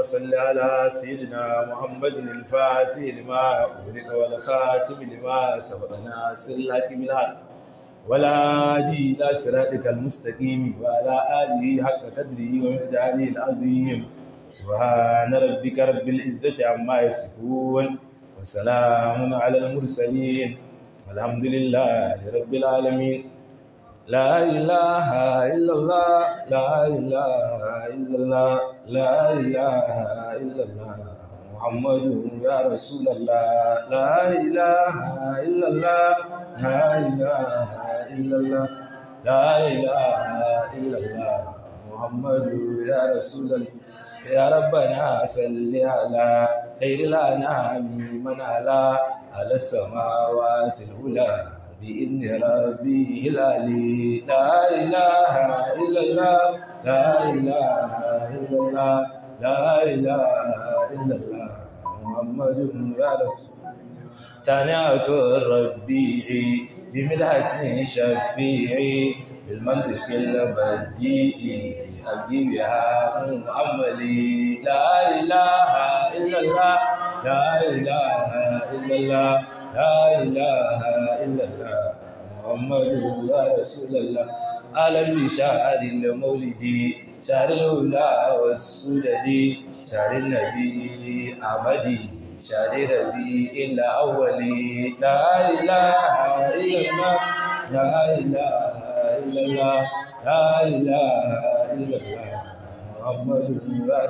صل على سيدنا محمد الفاتح لما أغلق والخاتم لما سبق ناصر الحق بالحق والهادي إلى صراطك المستقيم ولا آله حق قدره ومقداره العظيم سبحان ربك رب العزة عما يصفون وسلام على المرسلين والحمد لله رب العالمين لا إله إلا الله لا إله إلا الله لا إله إلا الله محمد يا رسول الله لا إله إلا الله لا إله إلا الله لا إله إلا الله محمد يا رسول الله يا ربنا صل على خير الأنعام من على على السماوات الأولى بإذن ربي العلي لا إله إلا الله لا إله إلا الله لا إله إلا الله محمد يا رسول تنعت الربيعي بملحة شفيعي بالمنطق البديعي أبدي بها من عملي لا إله إلا الله لا إله إلا الله لا إله إلا الله محمد رسول الله ألم يشهد المولد شهر الأولى والسدد شهر النبي أحمد شهر ربي إلا أولي لا إله إلا الله لا إله إلا الله لا إله إلا الله محمد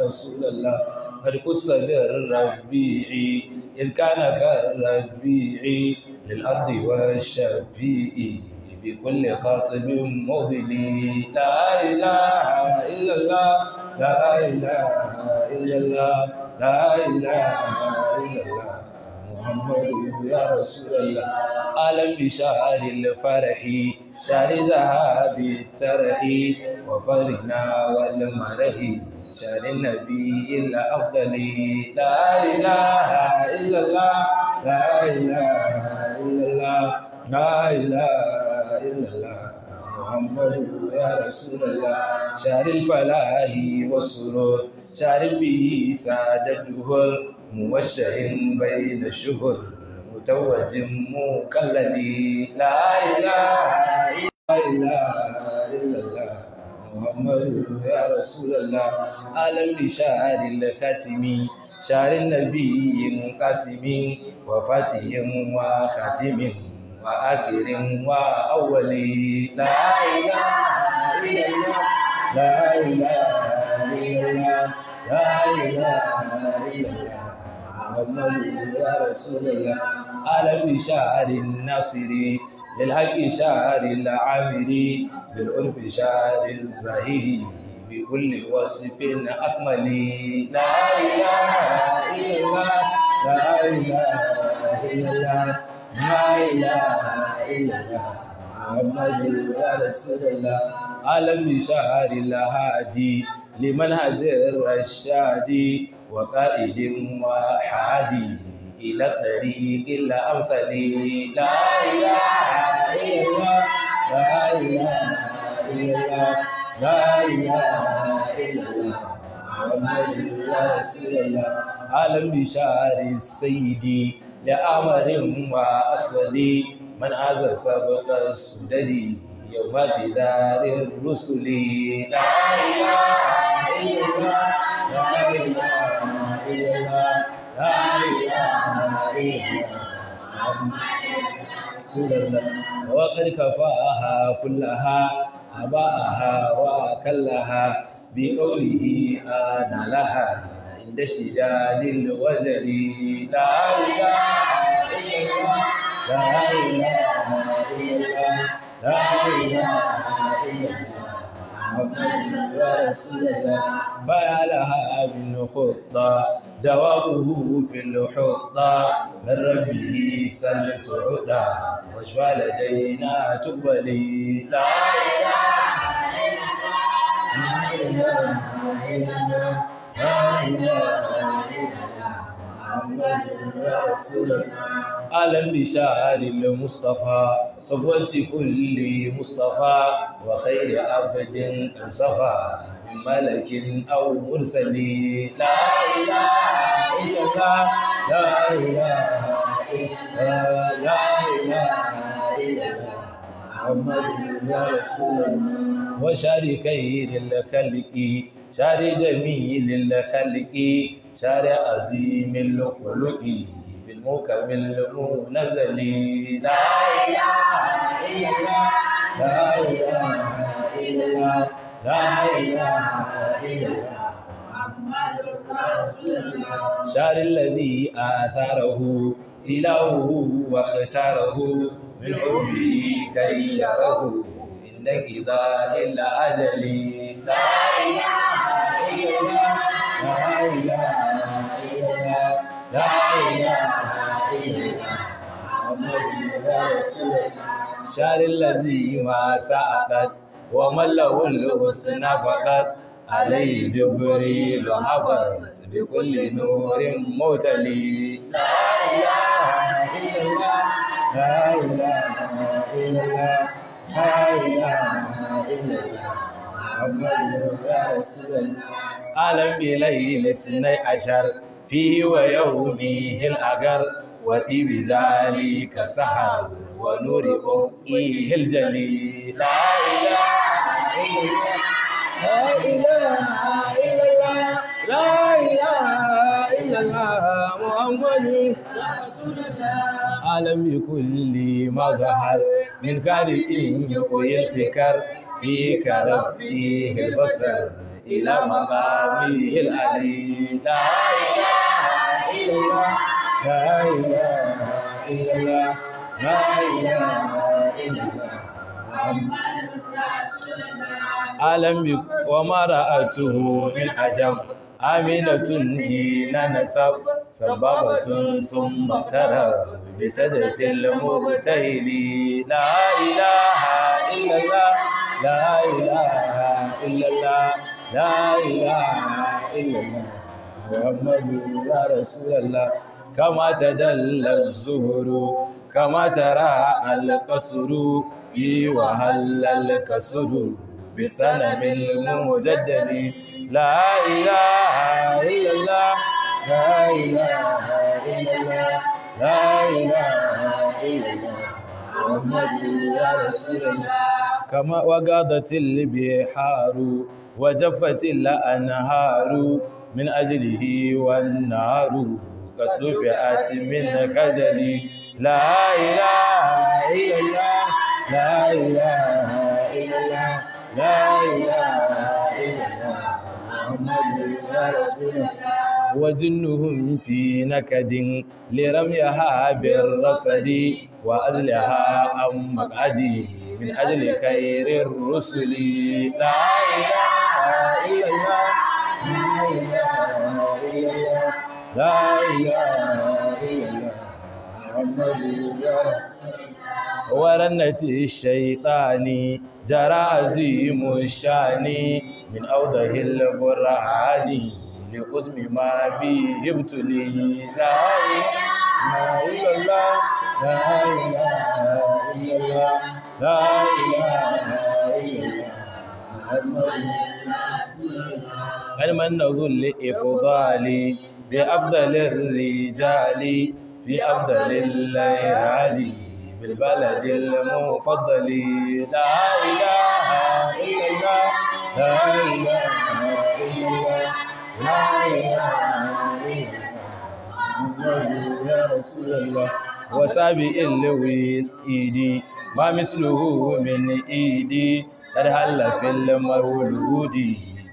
رسول الله قد قص الربيعي إذ كان كالربيعي للأرض والشفيع بكل خاطب مضلي لا إله إلا الله لا إله إلا الله لا إله إلا الله محمد يا رسول الله ألم بشهر الفرح شهر ذهاب الترح وفرحنا والمرح شان النبي الأفضل لا إله إلا الله لا إله إلا الله لا إله إلا الله محمد يا رسول الله شهر الفلاح والسرور شهر به سعادته موجه بين الشهر متوج كالذي لا إله إلا الله Alamdi sha aɗin lakatami, sharan nabin yi mun kasu min, wa fati wa katimi, wa ake rin wa a awanni. Da ayela a ari na yi. Da ayela a ya rasu da yawa. Alamdi nasiri. للحق شهر العامري بالعرف شهر الزهيري بكل وصف أكمل لا إله إلا الله لا إله إلا الله لا إله إلا الله محمد رسول الله عالم شهر الهادي لمنهج الرشادي وقائد وحادي إلى الطريق الأمثل لا إله إلا الله لا إله إلا الله لا إله إلا الله محمد رسول الله على بشار السيد يا لأمر وأسود من هذا سبق السدري يوم تدار الرسل لا إله إلا الله لا إله إلا الله وقد كفاها كلها أباها وأكلها بقوله أنا لها عند اشتداد الوزن لا إله إلا الله لا إله إلا الله لا إله إلا الله محمد رسول الله فيا لها بالخطى جوابه في الحطة من ربه سلت عدا واشفى لدينا تقبلي لا إله إلا الله لا إله ألم بشار المصطفى صبوة كل مصطفى وخير عبد انصفى ملك أو مرسل لا إله إلا الله لا إله إلا لا إله إلا الله محمد يا رسول الله وشاركي للخلق شاري جميل للخلق شاري عظيم الخلق بالمكمل منزل لا إله إلا الله لا إله إلا الله لا إله إلا الله محمد رسول الله شار الذي آثاره إله واختاره من عمره كي يره إنك إذا إلا أجلي لا إله إلا الله لا إله إلا الله لا إله إلا الله محمد رسول الله شار الذي ما سألت ومن له الحسنى فقد عليه جبريل عبر بكل نور متلي لا إله إلا لا إله إلا لا إله إلا رسول الله ألم بليل لسني عشر فيه ويومه الأقر وإبي ذلك سحر ونور أمه الجليل لا إله لا إله إلا الله لا إله إلا الله محمد رسول الله عالم بكل مظهر من قلب يبتكر فيك ربي البصر إلى مقامه العلي لا إله إلا الله لا إله إلا الله لا إله إلا الله محمد رسول الله alambi wa mara a tuhu min ajam aminatun ni na nasab sababatun sun matara bisa da tilmu ta la ilaha illallah la ilaha illallah la ilaha illallah muhammadu ya rasulallah kama ta dalla zuhuru kama ta ra'a al-qasuru bi wa halal kasuru بسلام المجدد لا إله إلا الله لا إله إلا الله لا إله إلا الله محمد يا رسول الله كما وقضت البحار وجفت الأنهار من أجله والنار قد دفعت من كجلي لا إله إلا الله لا إله إلا الله لا إله إلا محمد رسول الله وجنهم في نكد لرميها بالرصد وأجلها أم مقعدي من أجل خير الرسل لا إله إلا الله لا إله إلا الله محمد رسول الله ورنة الشيطان جرى عظيم الشان من أوضه البرهان لقزم ما فيه ابتلي لا إله إلا الله لا إله إلا الله لا إله إلا الله علما نقول لإفضالي بأفضل الرجال بأفضل الليالي بالبلد المفضل لا إله إلا الله لا إله إلا الله لا إله إلا الله يا رسول الله وسابع ايدي ما مثله من إيدي قد هل في المولود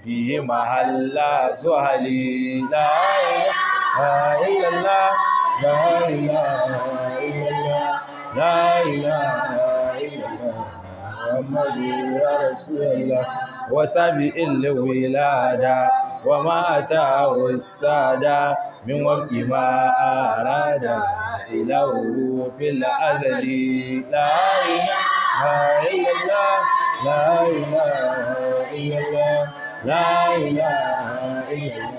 في محل زهلي لا إله إلا الله لا إله الا الله لا إله إلا الله محمد رسول الله وسبع الولادة وما أتاه السادة من وقت ما أراد إله في الأزل لا إله إلا الله لا إله إلا الله لا إله إلا الله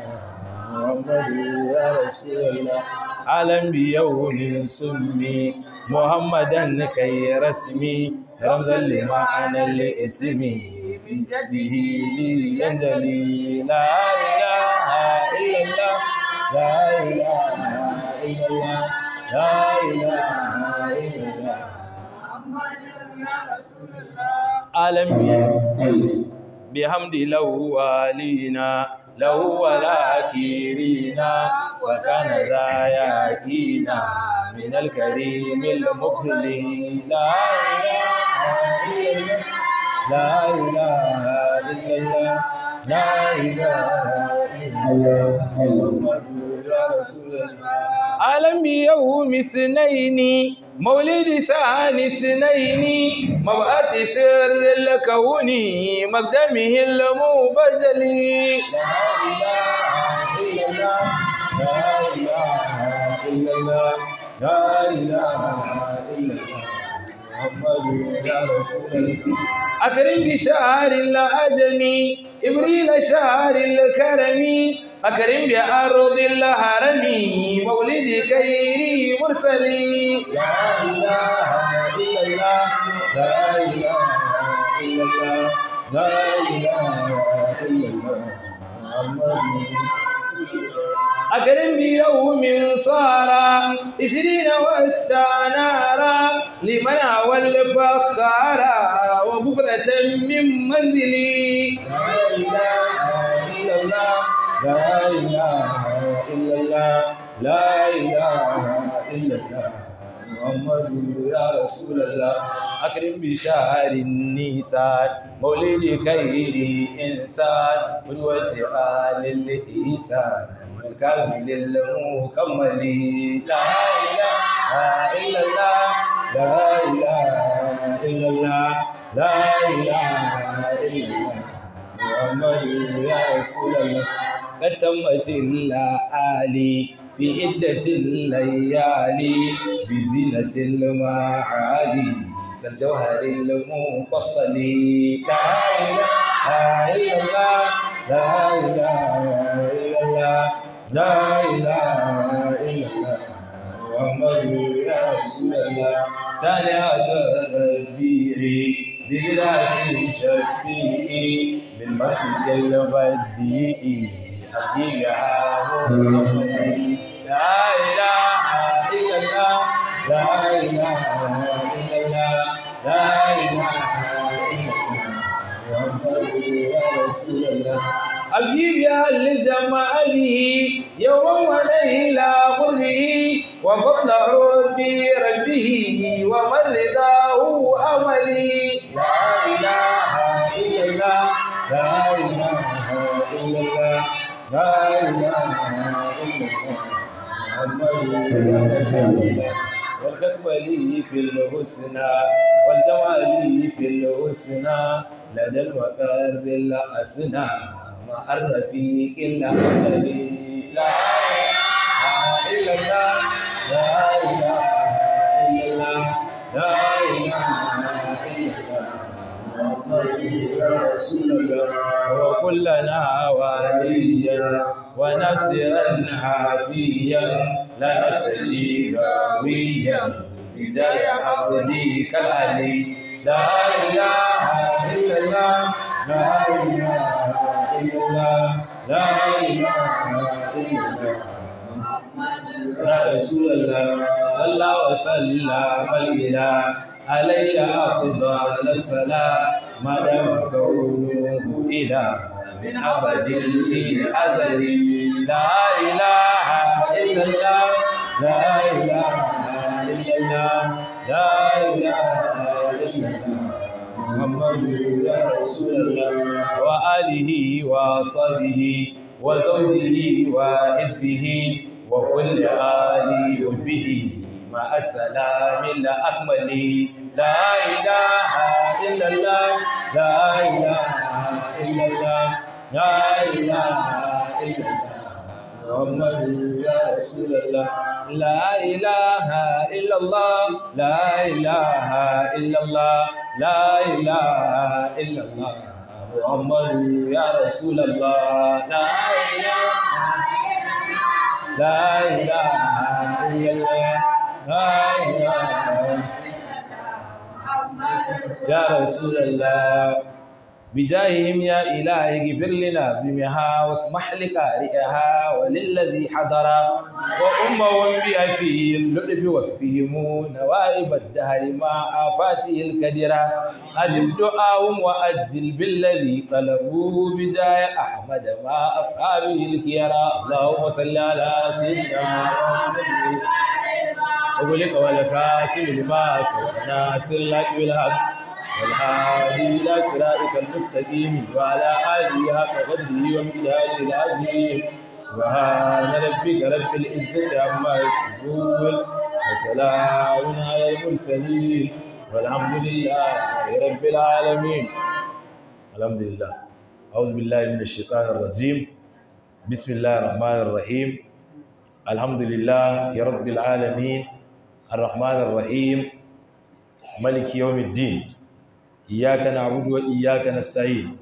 Alambi yau min summi Muhammadan ni kai rasmi ramzan li ma'ana li ismi min jaddihi li jandali la ilaha illallah la ilaha illallah la ilaha illallah Alambi bihamdi lawalina له ولا كيرينا وكان ذا يأتينا من الكريم المخلي لا إله إلا لا إله إلا الله لا إله إلا الله ألم يوم اثنين مولد ثاني اثنين مبعث سر الكون مقدمه المبجل لا إله إلا الله لا إله إلا الله لا إله إلا الله محمد رسول الله أكرم بشهر الأدمي إبريل شهر الكرم أكرم بأرض الهرم مولد خير مرسلي لا إله إلا الله لا إله إلا الله لا إله إلا الله أكرم بيوم صار عشرين واستنارا لمن أول الفخار وبكرة من منزلي لا إله إلا الله لا إله إلا الله لا إله إلا الله محمد يا رسول الله أكرم بشهر النيسان مولد خير إنسان قدوة آل الإيسان والكامل المكمل لا إله إلا الله لا إله إلا الله لا إله إلا الله محمد يا رسول الله فتمت الآلي بعدة الليالي بزينة المعالي كالجوهر المنفصل لا إله إلا الله لا إله إلا الله لا إله إلا الله محمد يا رسول الله تلا تدبيري ببلاد شفيعي مخجل بديئي حقيقة لا إله إلا الله لا إله إلا الله لا إله إلا الله محمد رسول الله أبيب يا لزم أبيه يوم وليلة قربه وفضل ربي ربه ومن رضاه والكتولي في الحسنى والجوالي في الحسنى لدى الوقار بالأسنى مع إلا الأعلى لا إله إلا الله لا إله إلا الله لا إله إلا الله وكلنا وليا ونسرا حافيا لا تشيب قويا بجاه عبدك العلي لا إله إلا الله لا إله إلا الله لا إله إلا الله يا رسول الله صلى وسلم الإله عليك أفضل الصلاة ما دام كونه إله من أبد إلى أبد La ilaha illallah. La ilaha illallah. La ilaha illallah. Muhammadur Rasulullah. Wa alihi wa sahbihi wa zawjihi wa hizbihi wa kulli ali bihi. مع السلام لا أكمل لا إله إلا الله لا إله إلا الله محمد يا رسول الله لا إله إلا الله لا إله إلا الله لا إله إلا الله محمد يا رسول الله لا إله لا إله إلا الله لا إله يا رسول الله بجاههم يا إلهي اغفر لنازمها واسمح لقارئها وللذي حضر وأمهم بأبيه اللطف وفهم نوائب الدهر مع آفاته الكدرة أجب دعاهم وأجل بالذي طلبوه بجاه أحمد مع أصحابه الكيرا اللهم صل على سيدنا محمد أغلق ولكاتب لما سكنا سلك بالحق والهادي إلى صراطك المستقيم وعلى آله حق قدره ومقداره العظيم سبحان ربك رب العزة عما يصفون وسلام على المرسلين والحمد لله رب العالمين الحمد لله أعوذ بالله من الشيطان الرجيم بسم الله الرحمن الرحيم الحمد لله يا رب العالمين الرحمن الرحيم ملك يوم الدين إياك نعبد وإياك نستعين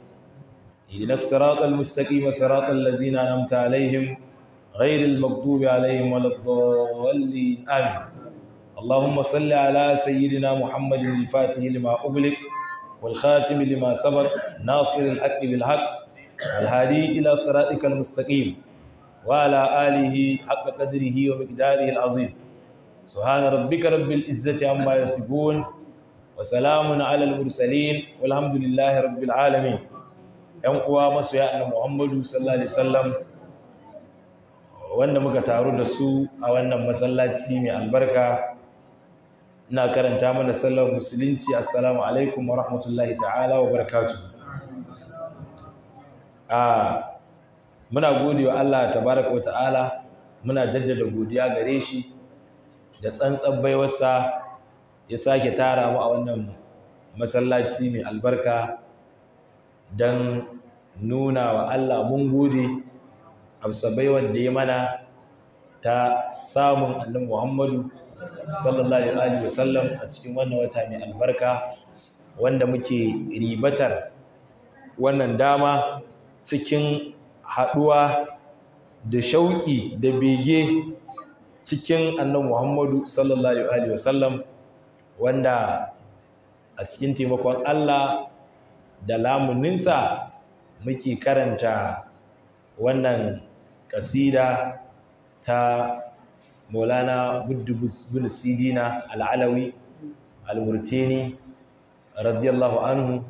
اهدنا الصراط المستقيم صراط الذين أنعمت عليهم غير المغضوب عليهم ولا الضالين آمين اللهم صل على سيدنا محمد الفاتح لما أغلق والخاتم لما سبق ناصر الحق بالحق الهادي إلى صراطك المستقيم وعلى آله حق قدره ومقداره العظيم سبحان ربك رب العزة عما يصفون وسلام على المرسلين والحمد لله رب ‘yan uwa masu ya Muhammadu sallallahu Alaihi wasallam wanda muka taru da su a wannan masallaci mai albarka na karanta mana sallar musulunci assalamu alaikum wa rahmatullahi ta'ala wa ah muna gode wa Allah tabaaraka wa ta'ala muna jaddada godiya gare shi da tsantsan baiwarsa ya sake tara mu a wannan masallaci mai albarka don nuna wa Allah mun gode amsabai wanda ya mana ta samun annan Muhammadu sallallahu alaihi wasallam a cikin wannan wata mai albarka wanda muke ribatar wannan dama cikin haɗuwa da shauƙi da bege cikin annan Muhammadu sallallahu alaihi wasallam wanda a cikin taimakon Allah da lamuninsa muke karanta wannan kasida ta Maulana Buddubus bin Sidina al Al-Murtini radiyallahu anhu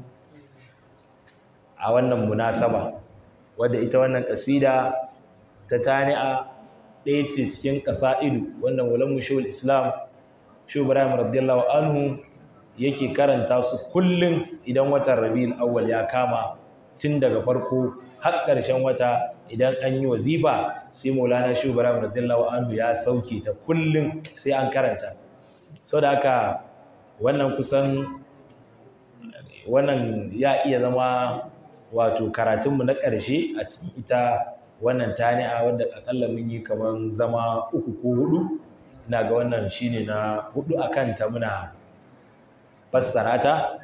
a wannan munasaba wadda ita wannan kasida ta tani'a ɗaya ce cikin ƙasa ido wannan wulan mushawul Islam shi ibrahim radiyallahu anhu yake karanta su kullum idan watan rabi'ul awwal ya kama tun daga farko har ƙarshen wata idan an yi wazifa sai maulana shi ibrahim radiyallahu anhu ya sauke ta kullum sai an karanta sau da haka wannan kusan wannan ya iya zama wato karatunmu na ƙarshe a cikin ita wannan tani'a wanda akalla mun yi kamar zama uku ko hudu ina ga wannan shine na hudu a ta muna fassara ta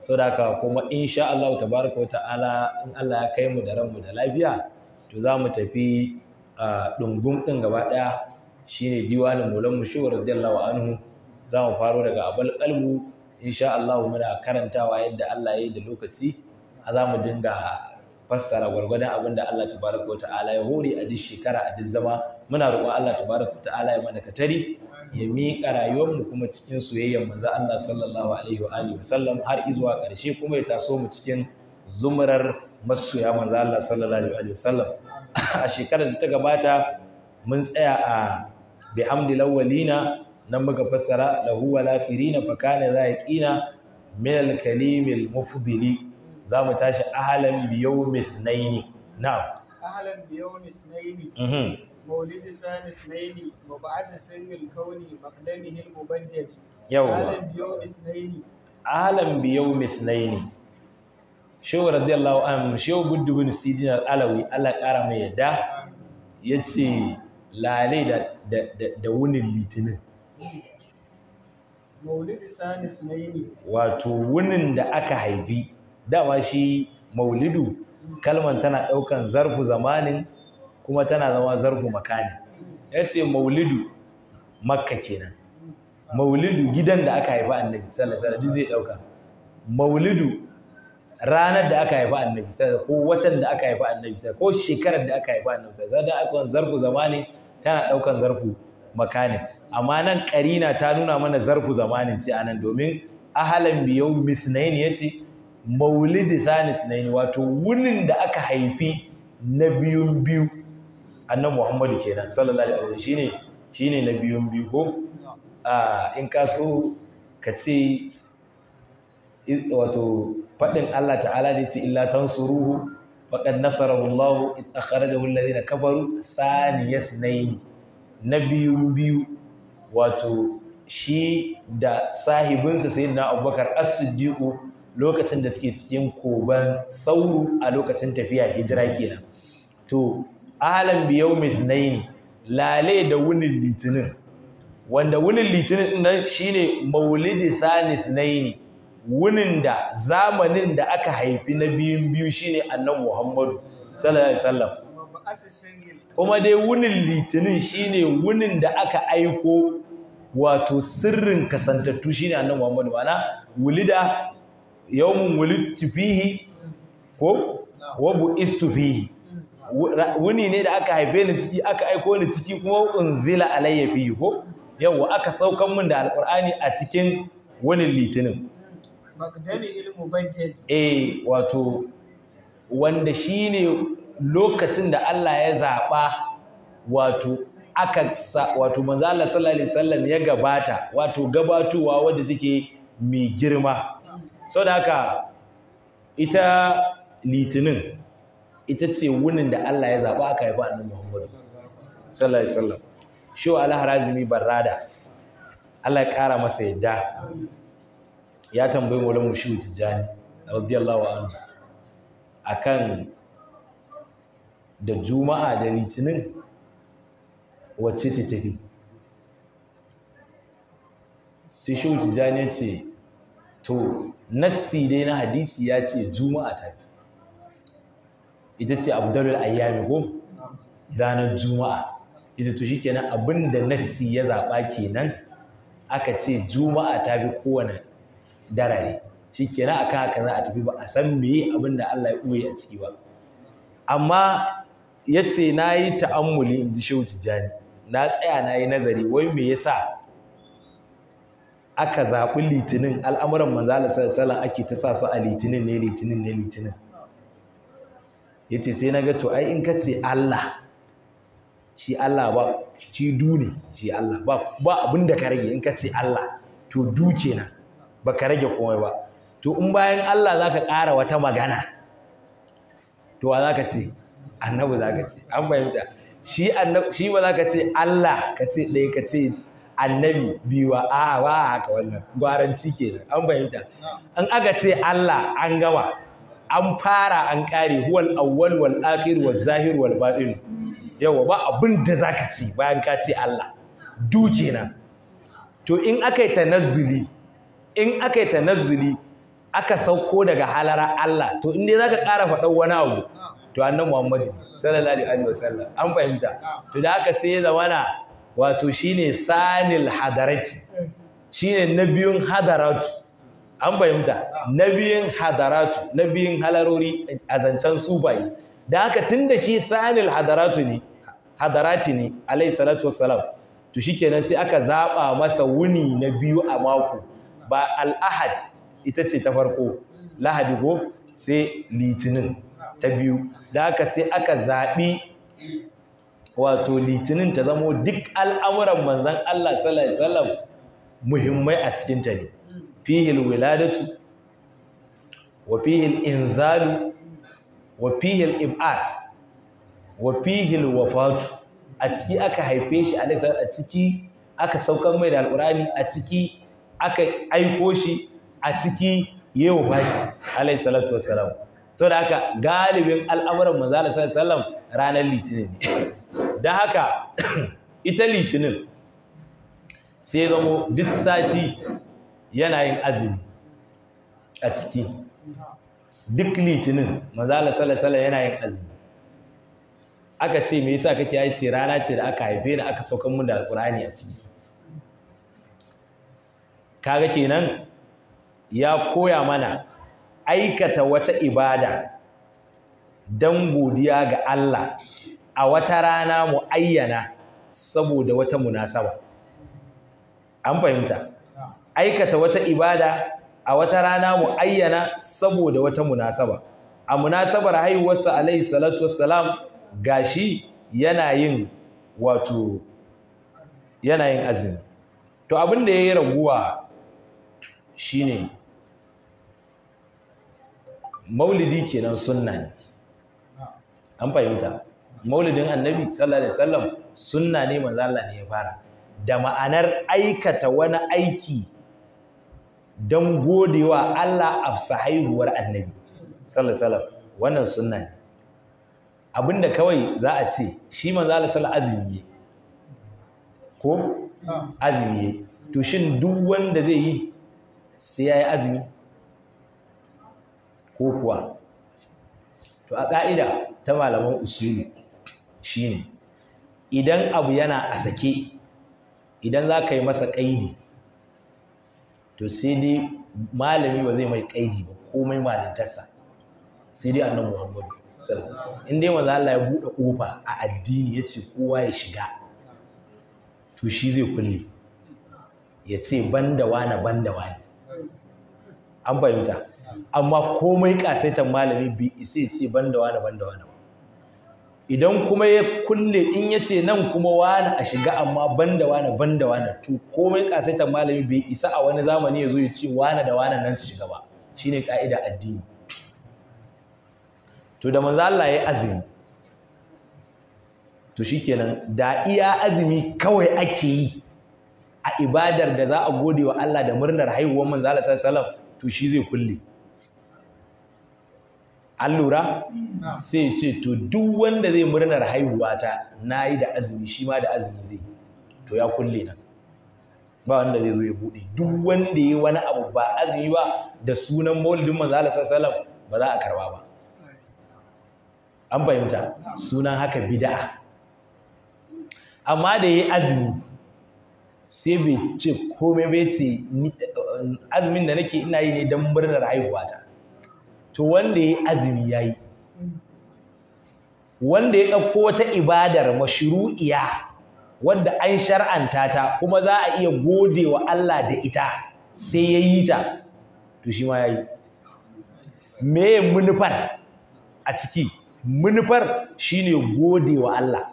so da haka kuma insha Allah tabaraka ta'ala in Allah ya kai mu da ranmu da lafiya to za mu tafi dungum din gaba daya shine diwanin mulan mushuwar radiyallahu anhu za mu faro daga abal qalbu insha Allah muna karantawa yadda Allah ya yi da lokaci a za mu dinga fassara gurgurdan abin da Allah tabaraka ta'ala ya hore a duk shekara a duk zama muna roƙon Allah tabaraka ta'ala ya mana katari ya miƙa rayuwarmu kuma cikin soyayyar manzo Allah sallallahu alaihi wa alihi wasallam har izuwa ƙarshe kuma ya taso mu cikin zumurar masoya manzo Allah sallallahu alaihi wa sallam a shekarar da ta gabata mun tsaya a bihamdi lawwalina nan muka fassara lahu wa lafirina fa kana zaqina min al-kalimil mufdili mu tashi ahalan biyawmi thnaini na'am ahalan biyawmi thnaini mhm. مولد ثاني اثنين وبعث سر الكون مقدمه المبجل يوم أهلا بيوم اثنين أهلا بيوم اثنين shehu radiyallahu an shehu gudu bin sidin al'alawi allah ƙara mai yadda ya ce lare da wunin litinin wato wunin da aka haifi dama shi maulidu kalman tana ɗaukan zarfi zamanin kuma tana zama zarfu makani ya ce maulidu makka kenan maulidu gidan da aka haifa annabi sallallahu alaihi wasallam zai dauka maulidu ranar da aka haifa annabi sallallahu ko watan da aka haifa annabi sallallahu ko shekarar da aka haifa annabi sallallahu alaihi wasallam zarfu zamani tana daukan zarfu makani amma nan karina ta nuna mana zarfu zamanin ce anan domin ahalan biyau mithnain yace maulidi thanis nain wato wunin da aka haifi na biyun biyu annan muhammadu kenan sallallahu alaihi wasallam shine shine na biyun biyu ko in ka so ka ce wato faɗin Allah ta'ala da ce illa tansuruhu faqad nasarahu Allah id akhrajahu alladhina kafaru thaniyat nayn na biyun biyu wato shi da sahibinsa sayyidina Abubakar as lokacin da suke cikin koban sauru a lokacin tafiya hijira kenan to alam bi yawmin ne, lale da wunin litinin wanda wunin litinin nan ne maulidi yi ne, wunin da zamanin da aka haifi na biyun biyu shi ne Annan Muhammadu sallallahu alaihi wasallam kuma dai wunin litinin shi ne wunin da aka aiko wato sirrin kasantattu ne Annan Muhammadu mana wulida yawmun wulidtu fihi ko wabu bu'istu fihi wuni ne da aka haife ni ciki aka aiko ni ciki kuma unzila alayya fihi ko yawa aka saukan min da alqur'ani a cikin wani litinin eh wato wanda shine lokacin da Allah ya zaba wato aka wato manzo Allah sallallahu alaihi wasallam ya gabata wato gabatowa wadda take mai girma saboda haka ita litinin ita ce wunin da Allah ya zaɓa aka haifa annabi Muhammadu sallallahu alaihi wasallam shi wa harajimi barrada Allah ya ƙara masa yadda ya tambayi maulana mushiwu tijjani radiyallahu anhu akan da juma'a da litinin wacce ta tafi sai shi wuce jani ce to nassi dai na hadisi ya ce juma'a ta fi ita ce abdalul ayyami ko ranar juma'a ita to shikenan abin da nassi ya zaɓa kenan aka ce juma'a ta fi kowane darare shikenan kan haka za a tafi ba a san me abin da Allah ya ɓoye a ciki ba amma yace nayi na yi ta'ammuli in ji shehu tijjani na tsaya nayi nazari wai me yasa aka zaɓi litinin al'amuran manzala sallallahu ake ta sa su a litinin ne litinin ne litinin ya ce sai na ga to ai in ka ce Allah shi Allah ba shi du ne shi Allah ba ba abin da ka rage in ka ce Allah to du kenan ba ka rage komai ba to in bayan Allah za ka ƙara wata magana to wa za ka ce annabi za ka ce an fahimta shi annabi shi ba za ka ce Allah ka ce ɗaya ka ce annabi biwa a ba haka wannan gwaranci kenan an fahimta an aka ce Allah an gama an fara an ƙare huwal awwal wal akhir wal zahir wal batin yawa ba abin da zaka ci bayan ka ce Allah duje kenan to in aka yi tanazzuli in aka yi tanazzuli aka sauko daga halara Allah to in dai zaka ƙara faɗa wani abu to annabi Muhammad sallallahu alaihi wasallam an fahimta to da haka sai ya zamana wato shine sanil hadarati shine na biyun hadaratu an fahimta na biyun hadaratu na biyun halarori a zancen su sufaye da haka tun da shi tsanil hadaratu ne hadarati ne alai salatu wasalam to shi kenan sai aka zaɓa masa wuni na biyu a mako ba al'ahad ita ce ta farko lahadi ko sai litinin ta biyu da haka sai aka zaɓi wato litinin ta zamo duk al'amuran manzan Allah sallallahu muhimmai a cikin ta ne fihi alwiladatu wa fihi alinzalu wa fihi alib'ath wa fihi alwafatu a ciki aka haife a ciki aka saukar mai da alqur'ani a ciki aka aiko shi a ciki yayi wafati alaihi salatu wassalam saboda haka galibin al'amuran Maza alaihi salatu wassalam ranar litinin ne dan haka ita litinin sai zamo duk sati yana yin azumi a ciki duk litinin manzala salasala yana yin azumi aka ce me yasa kake yi rana ce da aka haife ni aka saukan mun da alkurani a ciki kaga kenan ya koya mana aikata wata ibada don godiya ga Allah a wata rana mu ayyana saboda wata munasaba an fahimta aikata wata ibada a wata rana mu ayyana saboda wata munasaba a munasabar haihuwarsa alaihi salatu wassalam gashi yana yin wato yana yin azumi to abin da yayi raguwa shine maulidi kenan sunna ne an fahimta maulidin annabi sallallahu alaihi wasallam sunna ne manzo Allah ne ya fara da ma'anar aikata wani aiki don godewa Allah a haihuwar annabi sallallahu wannan sunna ne abinda kawai za a ce shi manzo Allah sallallahu azumi ko azumi to shin duk wanda zai yi sai yayi azumi ko kuwa to a ka'ida ta malaman usuli shine idan abu yana a sake idan za ka yi masa ƙa'idi. to sai dai malami ba zai mai kaidi ba komai malintarsa sai dai annabi Muhammadu in dai manzo Allah ya buɗe kofa a addini ya ce kowa ya shiga to shi zai kulle ya ce banda wani banda wani an fahimta amma komai kasaitan malami bai isa ya ce banda wani banda wani idan kuma ya kulle in ya ce nan kuma wani a shiga amma banda wani banda wani to komai kasaitan malami bai isa a wani zamani ya zo ya ce wani da wani nan su shiga ba shine ka'ida addini to da manzo Allah ya azumi to shikenan da iya azumi kawai ake yi a ibadar da za a gode wa Allah da murnar haihuwar manzo Allah sallallahu alaihi wasallam to shi zai kulle an lura sai ce to duk wanda zai murnar haihuwata na yi da azumi shi ma da azumi zai yi to ya kulle nan ba wanda zai zo ya buɗe duk wanda ya wani abu ba azumi ba da sunan maulidin manzo Allah sallallahu ba za a karba ba an fahimta sunan haka bid'a amma da yayi azumi sai bai ce komai bai ce eh, azumin da nake ina yi ne don murnar haihuwata to wanda ya azumi ya yi, wanda ya ɗauko wata ibadar mashru'iya wanda an shar'anta ta kuma za a iya gode wa Allah da ita sai ya yi ta to shi ma yi. me munufar a ciki munufar ne gode wa Allah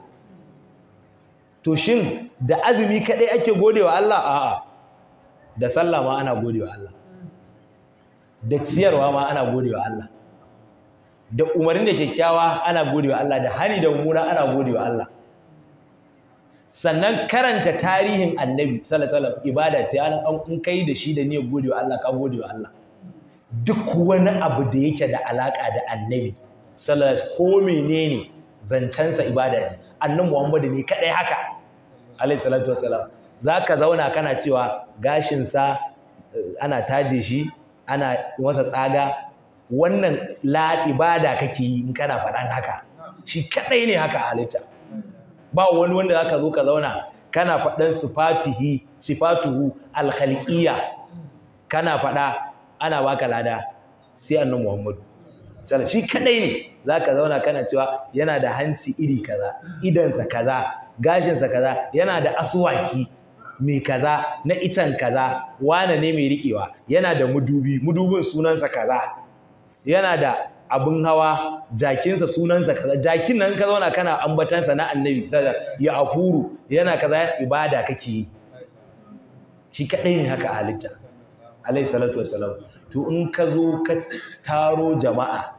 to shin da azumi kaɗai ake gode wa Allah a'a da sallah ana gode wa Allah da ciyarwa ma ana godewa Allah da umarni da kyakkyawa ana godewa Allah da hani da mummuna ana godewa Allah sannan karanta tarihin annabi sallallahu alaihi wasallam ibada ce an in kai da shi da niyyar godewa Allah ka godewa Allah duk wani abu da yake da alaka da annabi sallallahu alaihi ko menene zancensa ibada ne annabi Muhammadu ne kadai haka alaihi salatu wasallam zaka zauna kana cewa gashin sa eh, ana taje shi ana masa tsada wannan la ibada kake yi in kana faɗan haka shi kadai ne haka halitta ba wani wanda zaka zo ka zauna kana faɗan sifatihi sifatuhu alkhalqiyya kana faɗa ana baka lada sai annabi Muhammadu shi kadai ne zaka zauna kana cewa yana da hanci iri kaza idansa kaza gashinsa kaza yana da aswaki mai kaza na itan kaza wane ne mai riƙewa yana da mudubi mudubin sunansa kaza yana da abin hawa jakinsa sunansa kaza jakin nan ka zauna kana ambatansa na annabi ya afuru yana kaza ibada kake yi shi kadai ne haka halitta alaihi salatu wassalam to in ka zo ka taro jama'a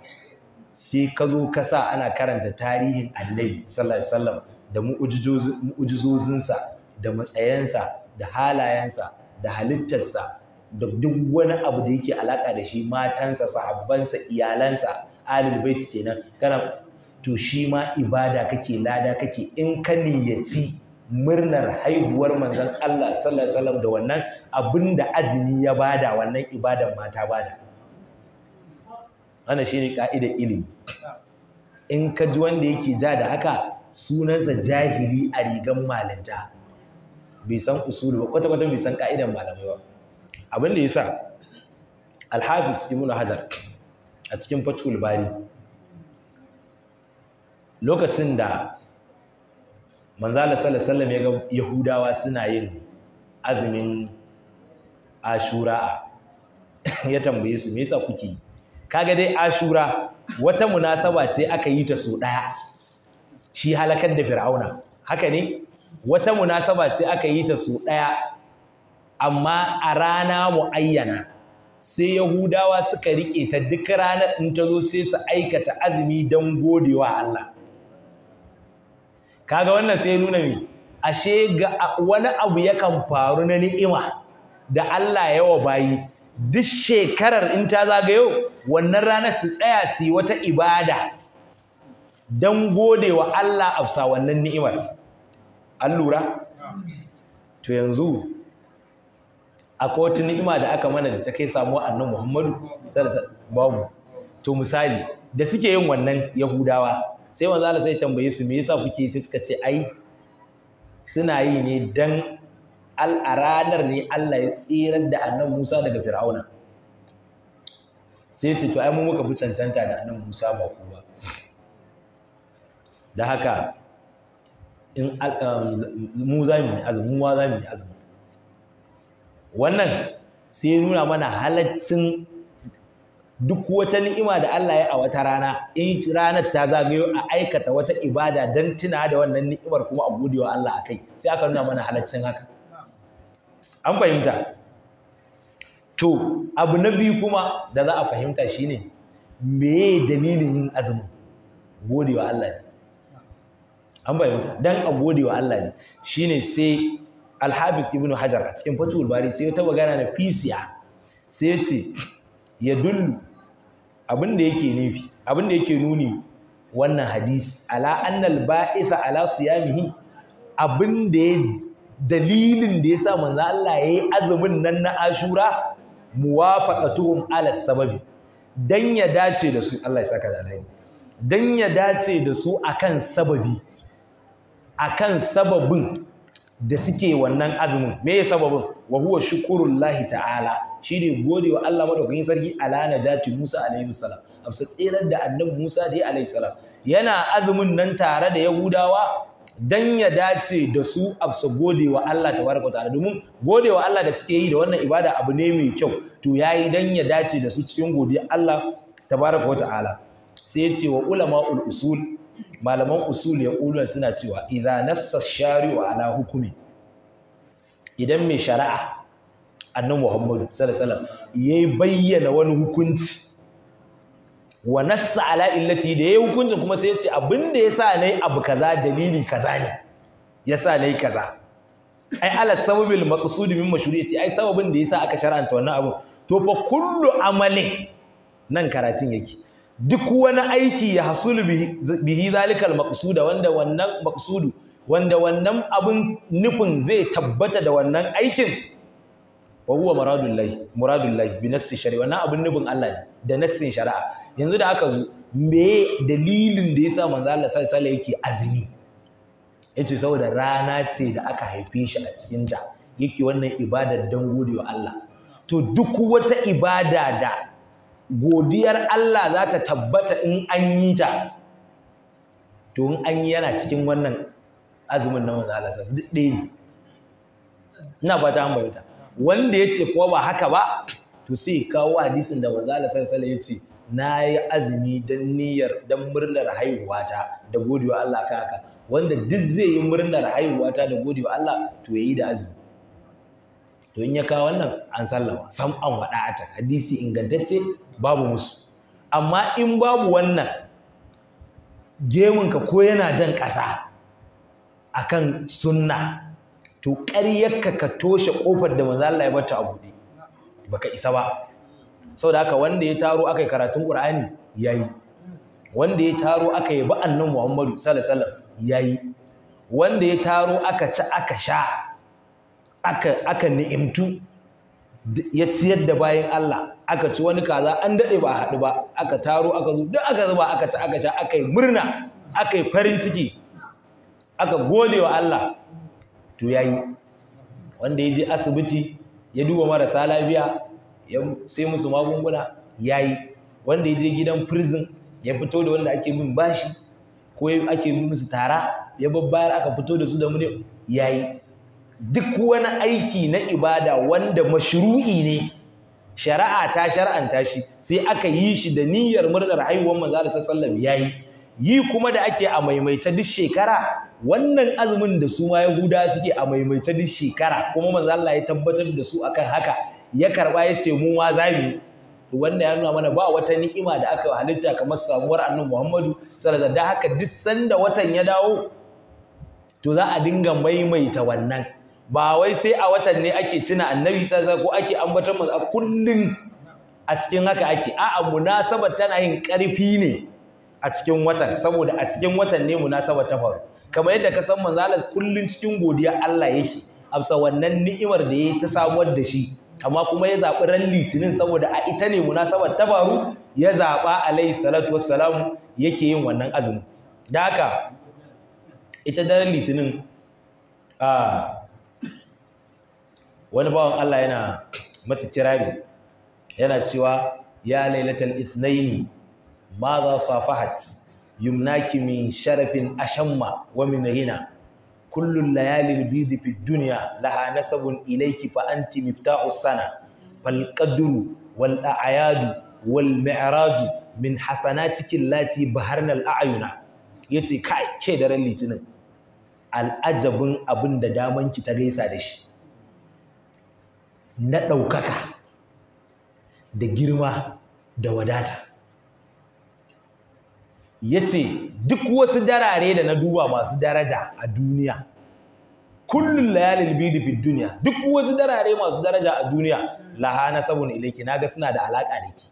sai ka zo ka sa ana karanta tarihin annabi sallallahu alaihi wasallam da mu'ujizozinsa da matsayansa da halayensa da halittarsa da duk wani abu da yake alaka da shi matansa sahabbansa iyalansa alil bait kenan kana to shi ma ibada kake lada kake in ka niyyaci murnar haihuwar manzon Allah sallallahu alaihi wasallam da wannan abinda azumi ya bada wannan ibadan mata bada wannan shine ka'idar ilimi in ka ji wanda yake ja da haka sunansa jahili a rigan malinta bai san usulu ba kwata kwata bai san ka'idan malamai ba abin da sa, alhafis imuna hajar a cikin fatul bari lokacin da manzala sallallahu ya ga yahudawa suna yin azumin ashura ya tambaye su me yasa kuke kaga dai ashura wata munasaba ce aka yi ta so daya shi halakar da fir'auna haka ne wata munasaba sai aka yi ta su ɗaya amma a rana mu ayyana, sai yahudawa suka riƙe ta duk ranar in ta zo sai su aikata azumi don godewa Allah kaga wannan sai nuna ne? ashe ga wani abu yakan faru na ni'ima da Allah yawa bayi duk shekarar in ta zaga zagayo wannan ranar su tsaya su yi wata ibada don gode wa Allah a wannan ni'imar an lura to yanzu a wata ni'ima da aka mana da ta kai samuwa annan muhammadu babu to misali da suke yin wannan yahudawa sai wanzu ala sai tambaye su me yasa kuke sai suka ce ai suna yi ne dan al'aranar ne Allah ya tsirar da annan Musa daga Fir'auna sai ce to ai muka fi cancanta da annan Musa ba ku da haka in um, mu za mu yi azumi za mu yi azumi wannan sai nuna mana halaccin duk wata ni'ima da Allah ya a wata rana in ranar ta zagayo a aikata wata ibada don tuna da wannan ni'imar kuma a gode wa Allah kai, sai aka nuna mana halaccin haka an fahimta to abu na biyu kuma da za a fahimta shine meye dalilin yin azumin gode wa Allah ne an bayyana dan a gode wa Allah ne shine sai Al-Hafiz Ibn Hajar a cikin Fathul Bari sai ta magana na fisiya sai ya ce ya dullu abin da yake nufi abin da yake nuni wannan hadisi ala annal ba'itha ala siyamihi abin da ya dalilin da yasa manzo Allah yayi azumin nan na Ashura muwafaqatuhum ala sababi dan ya dace da su Allah ya saka da alheri dan ya dace da su akan sababi akan sababin da suke wannan azumin me ya sababin wa huwa shukurullahi ta'ala shi ne gode wa Allah madaukakin sarki ala najati Musa alaihi salam amsa tsirar da annabi Musa dai alaihi salam yana azumin nan tare da Yahudawa dan ya dace da su amsa gode wa Allah tabaraka ta'ala domin gode wa Allah da suke yi da wannan ibada abu ne mai kyau to yayi dan ya dace da su cikin godiya Allah tabaraka ta'ala sai ya ce wa ulama ul usul malaman usul ya ƙulun suna cewa idan nassa shari'u ala hukumi idan mai shari'a annan muhammadu salasalam ya bayyana wani hukunci wa nassa ala illati da ya yi hukuncin kuma sai ya ce abin da ya sa na abu kaza dalili kaza ne ya sa na kaza ai ala sababin maƙasudu min ce ai sababin da ya sa aka shari'anta wannan abu to fa kullu amalin nan karatun yake duk wani aiki ya hasulu bihi zalikal maqsuda wanda wannan maqsudu wanda wannan abin nufin zai tabbata da wannan aikin wa huwa muradullahi muradullahi bi nassi shari'a wannan abin nufin Allah ne da nassin shari'a yanzu da aka zo me dalilin da yasa manzo Allah sallallahu alaihi yake azumi yace saboda rana ce da aka haife shi a cikin ta yake wannan ibadar dan godewa Allah to duk wata ibada da godiyar Allah za ta tabbata in an yi ta to in an yi yana cikin wannan azumin na manzo Allah sai duk ɗaya ne ina fata an ta. wanda yace ko ba haka ba to sai kawo hadisin da manzo Allah sai ya ce, na yi azumi dan niyyar dan murnar haihuwata da godiyar Allah kan haka wanda duk zai yi murnar haihuwata da godiyar Allah to yayi da azumi to in ya kawo wannan an sallama sam an wada'atan hadisi ingantacce babu musu amma in babu wannan gemunka ko yana jan ƙasa akan sunna to ƙaryarka ka toshe ƙofar da manzo Allah ya bata a buɗe baka isa ba saboda haka wanda ya taro aka yi karatun Qur'ani yayi wanda ya taro aka yi ba Muhammadu sallallahu alaihi wasallam wanda ya taro aka ci aka sha aka ni'imtu ya ciyar da bayan Allah aka ci wani kaza an daɗe ba haɗu ba aka taro aka zo duk aka zuba aka ci aka sha aka yi murna aka yi farin ciki aka gode wa Allah to yayi wanda ya je asibiti ya duba marasa lafiya ya sai musu magunguna yayi wanda ya je gidan prison ya fito da wanda ake bin bashi ko ake bin musu tara ya babbayar aka fito da su da ne yayi duk wani aiki na ibada wanda mashru'i ne shari'a ta shar'anta shi sai aka yi shi da niyyar murnar haihuwar manzo Allah sallallahu yayi yi kuma da ake a maimaita duk shekara wannan azumin da su ma Yahuda suke a maimaita duk shekara kuma manzo Allah ya tabbatar da su akan haka ya karba ya ce mu wa to wannan ya nuna mana ba wata ni'ima da aka halitta kamar samuwar annabi Muhammadu sallallahu alaihi wasallam haka duk sanda watan ya dawo to za a dinga maimaita wannan ba wai sai a watan ne ake tuna annabi sallallahu ko ake ambatar manzo a kullun a cikin haka ake a'a munasabar tana yin ƙarfi ne a cikin watan saboda a cikin watan ne munasabar ta faru kamar yadda ka san manzo Allah kullun cikin godiya Allah yake amsa wannan ni'imar da yayi ta samuwar da shi amma kuma ya zaɓi ran litinin saboda a ita ne munasabar ta faru ya zaɓa alaihi salatu wassalam yake yin wannan azumi da haka ita daren litinin a ah, wani bawan Allah yana mata kirari yana cewa ya lailatal ithnaini ma za safahat yumnaki min sharafin ashamma wa min ghina kullu layali bid fi dunya laha nasabun ilayki fa anti mifta'u sana fal qadru wal a'yadu wal mi'raju min hasanatiki allati baharna al a'yuna yace kai ke daren litinin al'ajabin abin da ki ta gaisa da shi na ɗaukaka da girma da wadata ya ce duk wasu darare da na duba masu daraja a duniya kullum layalin bidi da duniya duk wasu darare masu daraja a duniya lahana sabon ilaiki ga suna da alaƙa da ki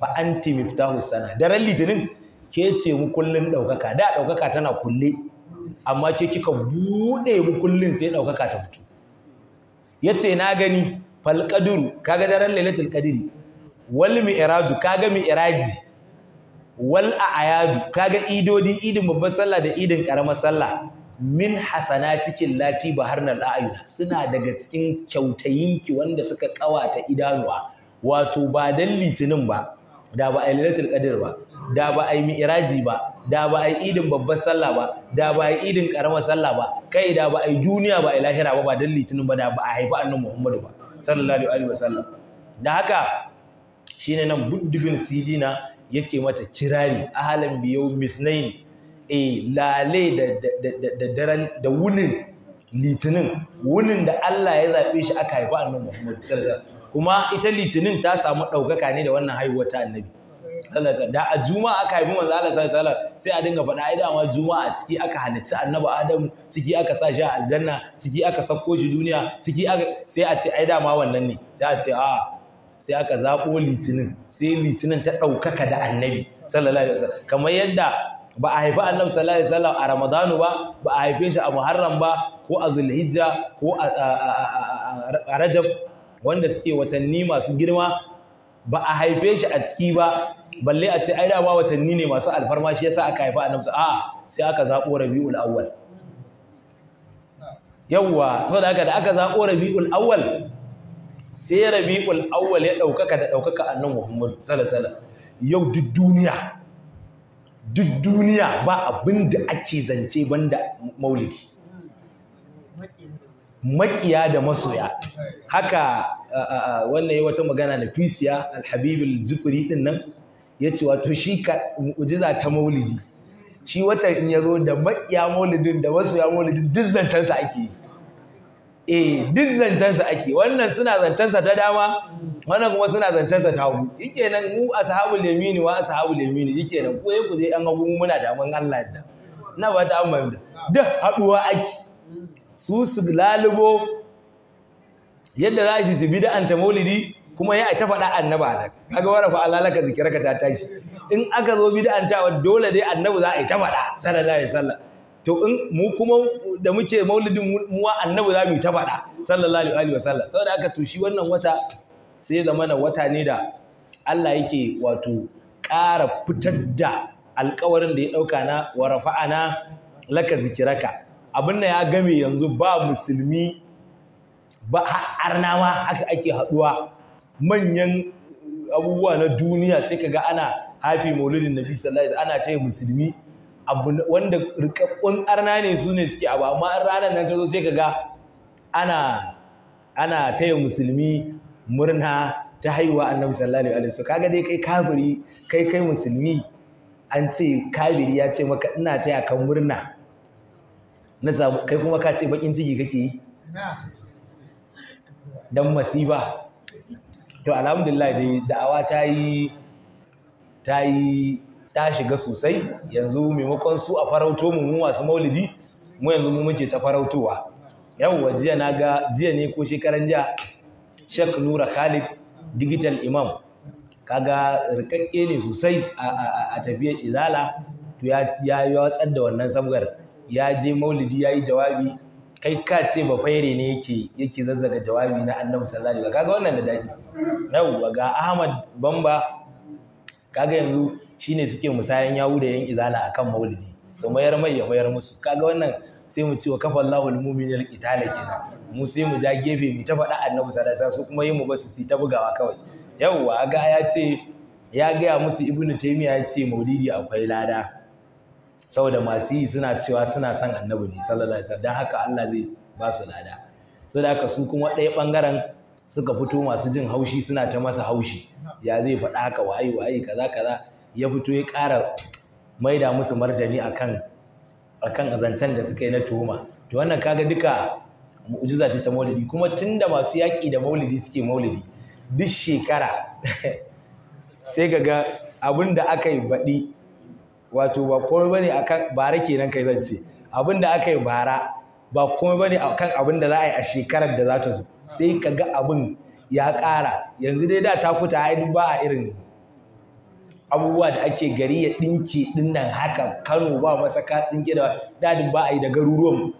fa fita miftahu sana daren litinin ke ce mu kullum ɗaukaka da ɗaukaka tana kulle amma ke kika buɗe mu kullum sai ɗaukaka ta fito Ya ce na gani Falƙaduru kaga daren lailatul ƙadiri, wal mi'raju kaga mi'raji wal a'yadu kaga idodin idin babban sallah da idin ƙaramar sallah min hasana cikin lati baharnal a'yuna suna daga cikin kyautayinki wanda suka kawata idanuwa wato ba dan litinin ba da ba a lailatul ƙadir ba da ba a mi'raji ba da ba a yi idin babbar sallah ba da ba a yi idin karamar sallah ba kai da ba a yi duniya ba a yi lahira ba ba dan litinin ba da ba a haifi annabi Muhammadu ba sallallahu alaihi wasallam da haka shine nan buddubin sidina yake mata kirari ahalan biyo mithnaini eh lale da da daren da wunin litinin wunin da Allah ya zabe shi aka haifi annabi Muhammadu sallallahu kuma ita litinin ta samu ɗaukaka ne da wannan haihuwar ta annabi da a juma'a aka haifi manzo Allah sallallahu alaihi wasallam sai a dinga faɗa ai dama juma'a ciki aka halicci annabi Adam ciki aka sa shi a aljanna ciki aka sako shi duniya ciki aka sai a ce ai dama wannan ne sai a ce a sai aka zabo litinin sai litinin ta ɗaukaka da annabi sallallahu alaihi wasallam kamar yadda ba a haifi annabi sallallahu alaihi wasallam a ramadanu ba ba a haife shi a muharram ba ko a zulhijja ko a rajab wanda suke watanni masu girma ba a haife shi a ciki ba balle a ce ai dama watanni ne masu alfarma shi yasa aka haifa annabi a sai aka zabo rabiul awwal yawa saboda haka da aka zabo rabiul awwal sai rabiul awwal ya daukaka da daukaka annabi Muhammad sallallahu alaihi wasallam yau duk duniya duk duniya ba abin da ake zance banda maulidi makiya da masoya haka wannan yi wata magana na fisiya alhabibul zukuri din nan ya ce wato shi ka mu'jiza ta maulidi shi watan in ya zo da maƙiya maulidin da wasu ya maulidin duk zancensa ake yi eh duk zancensa ake wannan suna zancensa ta dama wannan kuma suna zancensa ta hagu nan mu ashabul yamini wa ashabul yamini nan ko ku je yan hagu muna da mun Allah yadda. na ba ta amma da haduwa ake su su lalubo yadda za su bi da anta maulidi kuma ya ta faɗa annaba da kaga wani fa Allah laka zikirka ta tashi in aka zo bid'antawa dole dai annabi za a yi ta faɗa sallallahu alaihi wasallam to in mu kuma da muke maulidin mu annabi za mu ta faɗa sallallahu alaihi wasallam saboda aka to shi wannan wata sai zamana wata ne da Allah yake wato ƙara fitar da alƙawarin da ya ɗauka na wa rafa'ana laka zikiraka abin nan ya game yanzu ba musulmi ba ma haka ake haɗuwa manyan abubuwa na duniya sai kaga ana hafi maulidin nabi sallallahu alaihi ana taya musulmi wanda rikakkun arna ne su ne suke abu amma an ranar nan ta zo sai kaga ana ana taya musulmi murna ta haihuwa annabi sallallahu alaihi wasallam kaga dai kai kafiri kai kai musulmi an ce kafiri ya ce maka ina taya kan murna na kai kuma ka ce bakin ciki kake yi dan masiba to alhamdulillah dai da'awa ta yi ta yi ta shiga sosai yanzu maimakon su a farauto mu masu maulidi mu yanzu mu muke ta farautowa yawwa jiya na ga jiya ne ko shekaran jiya shek nura khalid digital imam kaga rikakke ne sosai a tafiyar izala to ya ya watsar da wannan sabgar ya je maulidi ya yi jawabi kai ka ce ba faire ne yake yake zazzaga jawabi na annabi sallallahu alaihi wasallam kaga wannan da dadi yawwa ga ahmad bamba kaga yanzu shine suke musayan yawu da yan izala akan maulidi su mayar mai ya mayar musu kaga wannan sai mu ce wa kafa Allahul mu'minina alqitala kenan mu sai mu ja gefe mu ta faɗa annabi sallallahu alaihi wasallam su kuma yi mu basu su ta bugawa kawai yawwa ga ya ce ya gaya musu ibnu taymiya ya ce maulidi akwai lada saboda masu yi suna cewa suna son annabi ne sallallahu alaihi wasallam don haka Allah zai ba su lada so da haka su kuma ɗaya ɓangaren suka fito masu jin haushi suna ta masa haushi ya zai faɗa haka wayi wayi kaza kaza ya fito ya ƙara maida musu martani akan akan azancen da suka yi na tuhuma to wannan kaga duka mu'jiza ce ta maulidi kuma tunda masu yaki da maulidi suke maulidi duk shekara sai ga abin da aka yi baɗi wato ba komai bane akan bara kenan kai zan ce abin da aka yi bara ba komai bane akan abin da za a yi a shekarar da za ta zo sai ka ga abin ya ƙara yanzu dai da ta kuta ai ba a irin abubuwa da ake gari ya ɗinki ɗinnan haka Kano ba masaka ɗinki da dadin ba a yi da garuruwan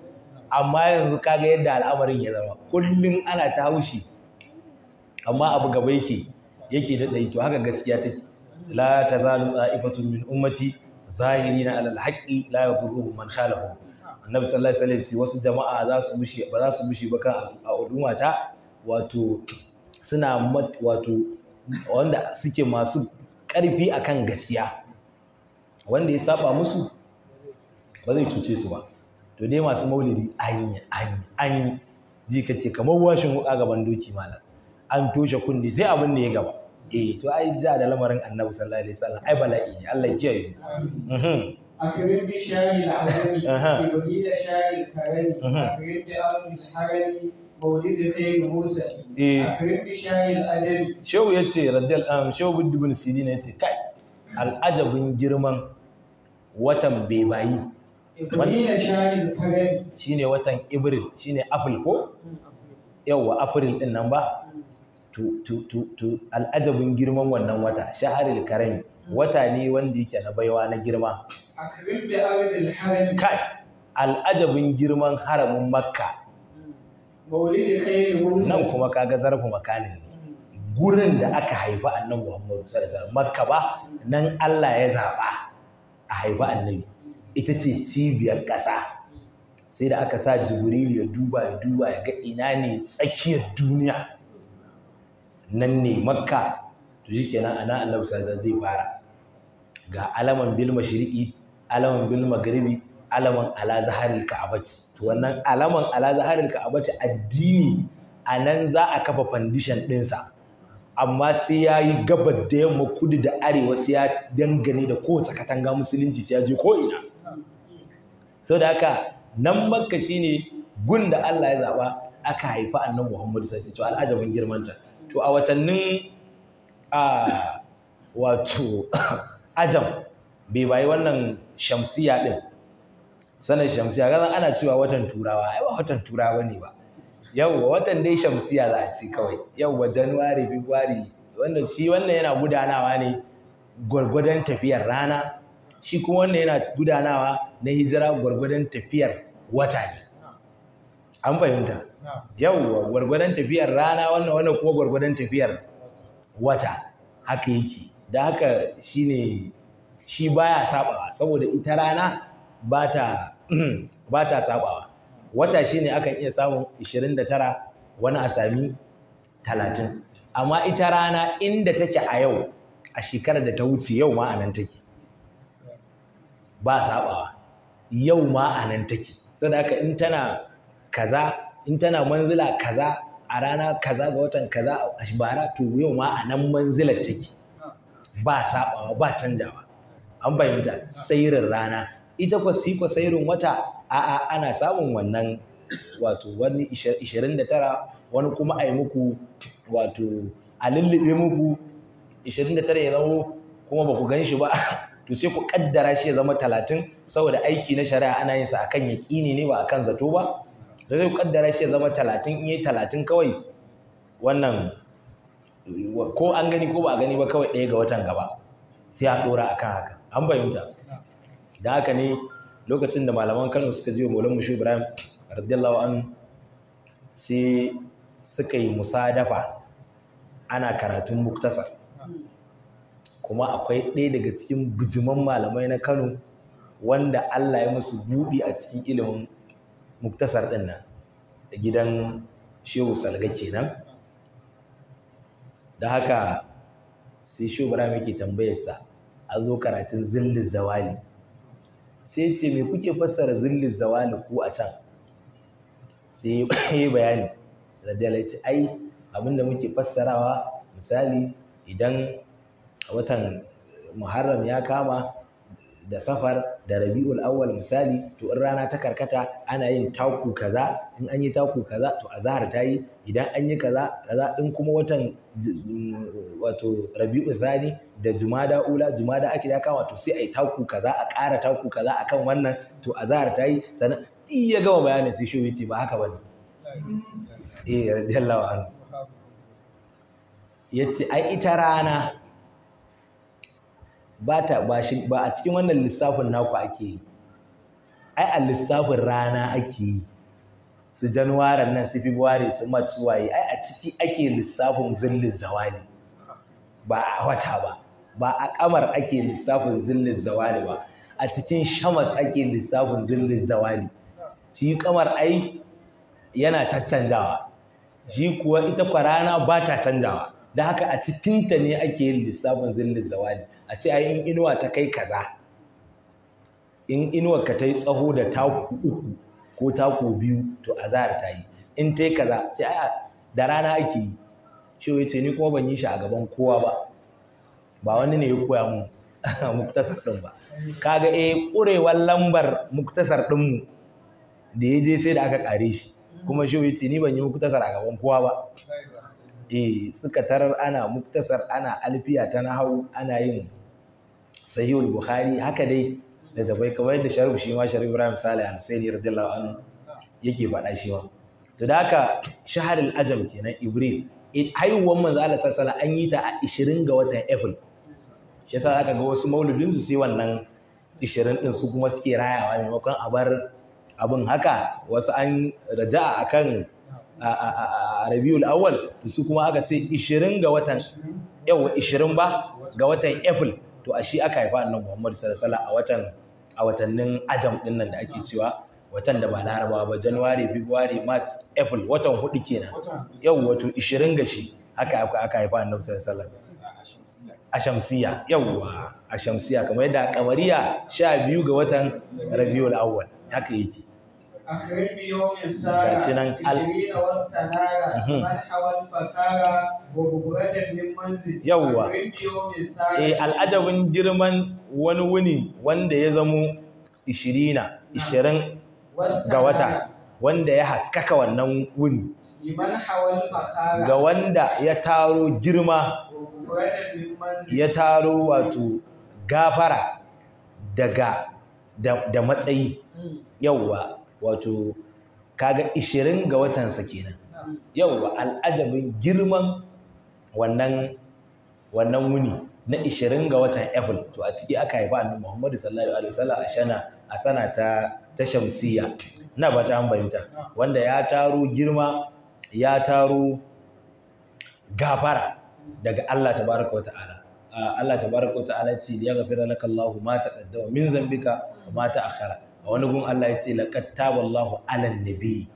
amma yanzu kaga yadda al'amarin ya zama kullum ana ta haushi amma abu gaba yake yake daɗa to haka gaskiya take la tazalu ta'ifatun min ummati zahirina alal haqqi la yadurruhum man khalafahum annabi sallallahu alaihi wasallam wasu jama'a za su mushi ba za su bushe ba kan uduma ta wato suna wato wanda suke masu karfi akan gaskiya wanda ya saba musu ba zai cuce su ba to dai masu maulidi anyi anyi anyi ji kace kamar washin wuka gaban doki malam an toshe kunne sai abin da ya gaba e to ai ja da lamarin annabi sallallahu alaihi wasallam ai bala'i ne Allah ya ji mhm akirin bi shayi la hadani yuri da shayi karani mhm. akirin bi auti al harani mawlid da sai musa A eh. akirin bi shayi al adab shawu yace radiyal am um, shawu ibn sidi ne yace kai al girman watan bebayi wani ne shayi al karani shine watan ibril shine april ko Yau wa april ɗin nan ba al'ajabin girman wannan wata shaharil karami wata ne wanda yake na baiwa na girma kai al'ajabin girman haramin makka nan kuma kaga zarfin makanin ne gurin da aka haifi annan muhammadu sallallahu makka ba nan allah ya zaɓa a haifi annabi ita ce cibiyar ƙasa sai da aka sa jibril ya duba ya duba ya ga ina ne tsakiyar duniya nan ne makka to shi kenan ana annabi sasa zai fara ga alaman bil mashriqi alaman bil maghribi alaman ala zaharil ka'abati to wannan alaman ala zaharil ka'abati addini a nan za a kafa foundation ɗinsa amma sai ya yi gabar da yamma kudu da arewa sai ya dangane da kowace katanga musulunci sai ya je ko'ina so da haka nan makka shine gun da Allah ya zaɓa aka haifa annan Muhammadu sai to al'ajabin girmanta to a watannin a wato ajam bai bayi wannan shamsiya din sanin shamsiya gaza ana cewa watan turawa ai ba watan turawa ne ba yawwa watan dai shamsiya za a ci kawai yau wa januwari february wanda shi wannan yana gudanawa ne gwargwadon tafiyar rana shi kuma wannan yana gudanawa na hijira gwargwadon tafiyar wata ne an fahimta yawwa gwargwadon tafiyar rana wannan wannan kuma gwargwadon tafiyar wata haka yake da haka shine shi baya sabawa saboda ita rana ba ta sabawa wata shine akan iya samun 29 wani a sami 30 amma ita rana inda take a yau a shekarar da ta wuce yau ma a nan take ba sabawa yau ma a nan take sada haka in tana kaza in tana manzila kaza a rana kaza ga watan kaza a bara to yau ma a nan manzilar take ba sabawa ba canjawa an fahimta sairin rana ita kwa siko sairin wata a'a ana samun wannan wato wani 29 wani kuma a yi muku wato a lullube muku 29 ya zama kuma ba ku gan shi ba to sai ku kaddara shi ya zama 30 saboda aiki na shari'a ana yin sa akan yaƙini ne ba akan zato ba da zai kaddara shi zama talatin in talatin kawai wannan ko an gani ko ba a gani ba kawai ɗaya ga watan gaba sai a ɗora a kan haka an fahimta da haka ne lokacin da malaman kano suka ji wa mushu ibrahim radiyallahu an sai suka yi musadafa ana karatun muktasar kuma akwai ɗaya daga cikin bijiman malamai na kano wanda allah ya musu buɗi a cikin ilimin muktasar ɗin nan da gidan shehu salga kenan da haka sai shehu bara yake tambayarsa a zo karatun zillin zawali sai ce me kuke fassara zillin zawali ku a can sai yi bayani radiyallahu ce ai da muke fassarawa misali idan watan muharram ya kama da safar da rabi'ul awwal misali to in rana ta karkata ana yin taku kaza in an yi taku kaza to azhar ta yi idan an yi kaza kaza in kuma watan wato rabi'ul thani da jumada ula jumada akida kama to sai ai taku kaza a ƙara taku kaza akan wannan to azhar ta yi sannan in ya gama bayanin sai shi yace ba haka ne eh radiyallahu anhu yace ai ita rana ba ta ba shi ba a cikin wannan lissafin naku ake yi ai a lissafin rana ake yi su januwaran nan su february su march su waye ai a ciki ake lissafin zillin zawali ba a wata ba ba a kamar ake lissafin zillin zawali ba a cikin shamas ake lissafin zillin zawali shi kamar ai yana caccanjawa shi kuwa ita kwa rana ba ta canjawa da haka a cikinta ne ake yin lissafin zillin zawali a ce ai in inuwa ta kai kaza in inuwa ka ta yi tsaho da taku uku ko taku biyu to azahar ta yi in ta yi kaza ce ai da rana ake yi shi ce ni kuma ban yi shi a gaban kowa ba ba wani ne ya koya mun muktasar ɗin ba kaga eh ƙurewar lambar muktasar ɗinmu da ya je sai da aka kare shi kuma shi ce ni ban yi muktasar a gaban kowa ba eh suka tarar ana muktasar ana alfiya ta nahau ana yin sahihul Buhari haka dai da dabai kamar da sharif shi ma sharif ibrahim salih al-husaini radiyallahu anhu yake faɗa shi ma to da haka shaharul ajam kenan ibril eh, haihuwar manzo Allah sallallahu an yi ta a 20 ga watan april shi yasa zaka ga wasu mauludin su sai wannan 20 din su kuma suke rayawa maimakon a bar abin haka wasu an raja'a akan a rabiul Awal su kuma aka ce 20 ga watan yawa 20 ba ga watan april to a shi aka haifa annabi muhammad sallallahu alaihi wasallam a watan a watannin ajam din nan da ake cewa watan da ba Laraba ba january february march april watan hudu kenan yau wato 20 ga shi haka aka haifa annabi sallallahu alaihi wasallam a shamsiya yawwa a shamsiya kamar yadda kamariya 12 ga watan rabiul Awal haka yake gashi nan al yawwa eh al'adabin girman wani wuni wanda ya zamo ishirina ishirin ga wata wanda ya haskaka wannan wuni ga wanda ya taro girma ya taro wato gafara daga da matsayi yawwa wato kaga 20 ga watansa kenan yauwa al'adabin girman wannan wannan wuni na 20 ga watan April to a ciki aka haifa annabi Muhammad sallallahu alaihi wasallam a shana a sana ta ta shamsiya ina ba ta bayyanta wanda ya taro girma ya taro gafara daga Allah tabaraka wa ta'ala Allah tabaraka wa ta'ala ce ya gafira laka Allahu ma taqaddama min zambika wa ma ta'akhkhara a wani gun Allah ya ce laqad wallahu alan nabi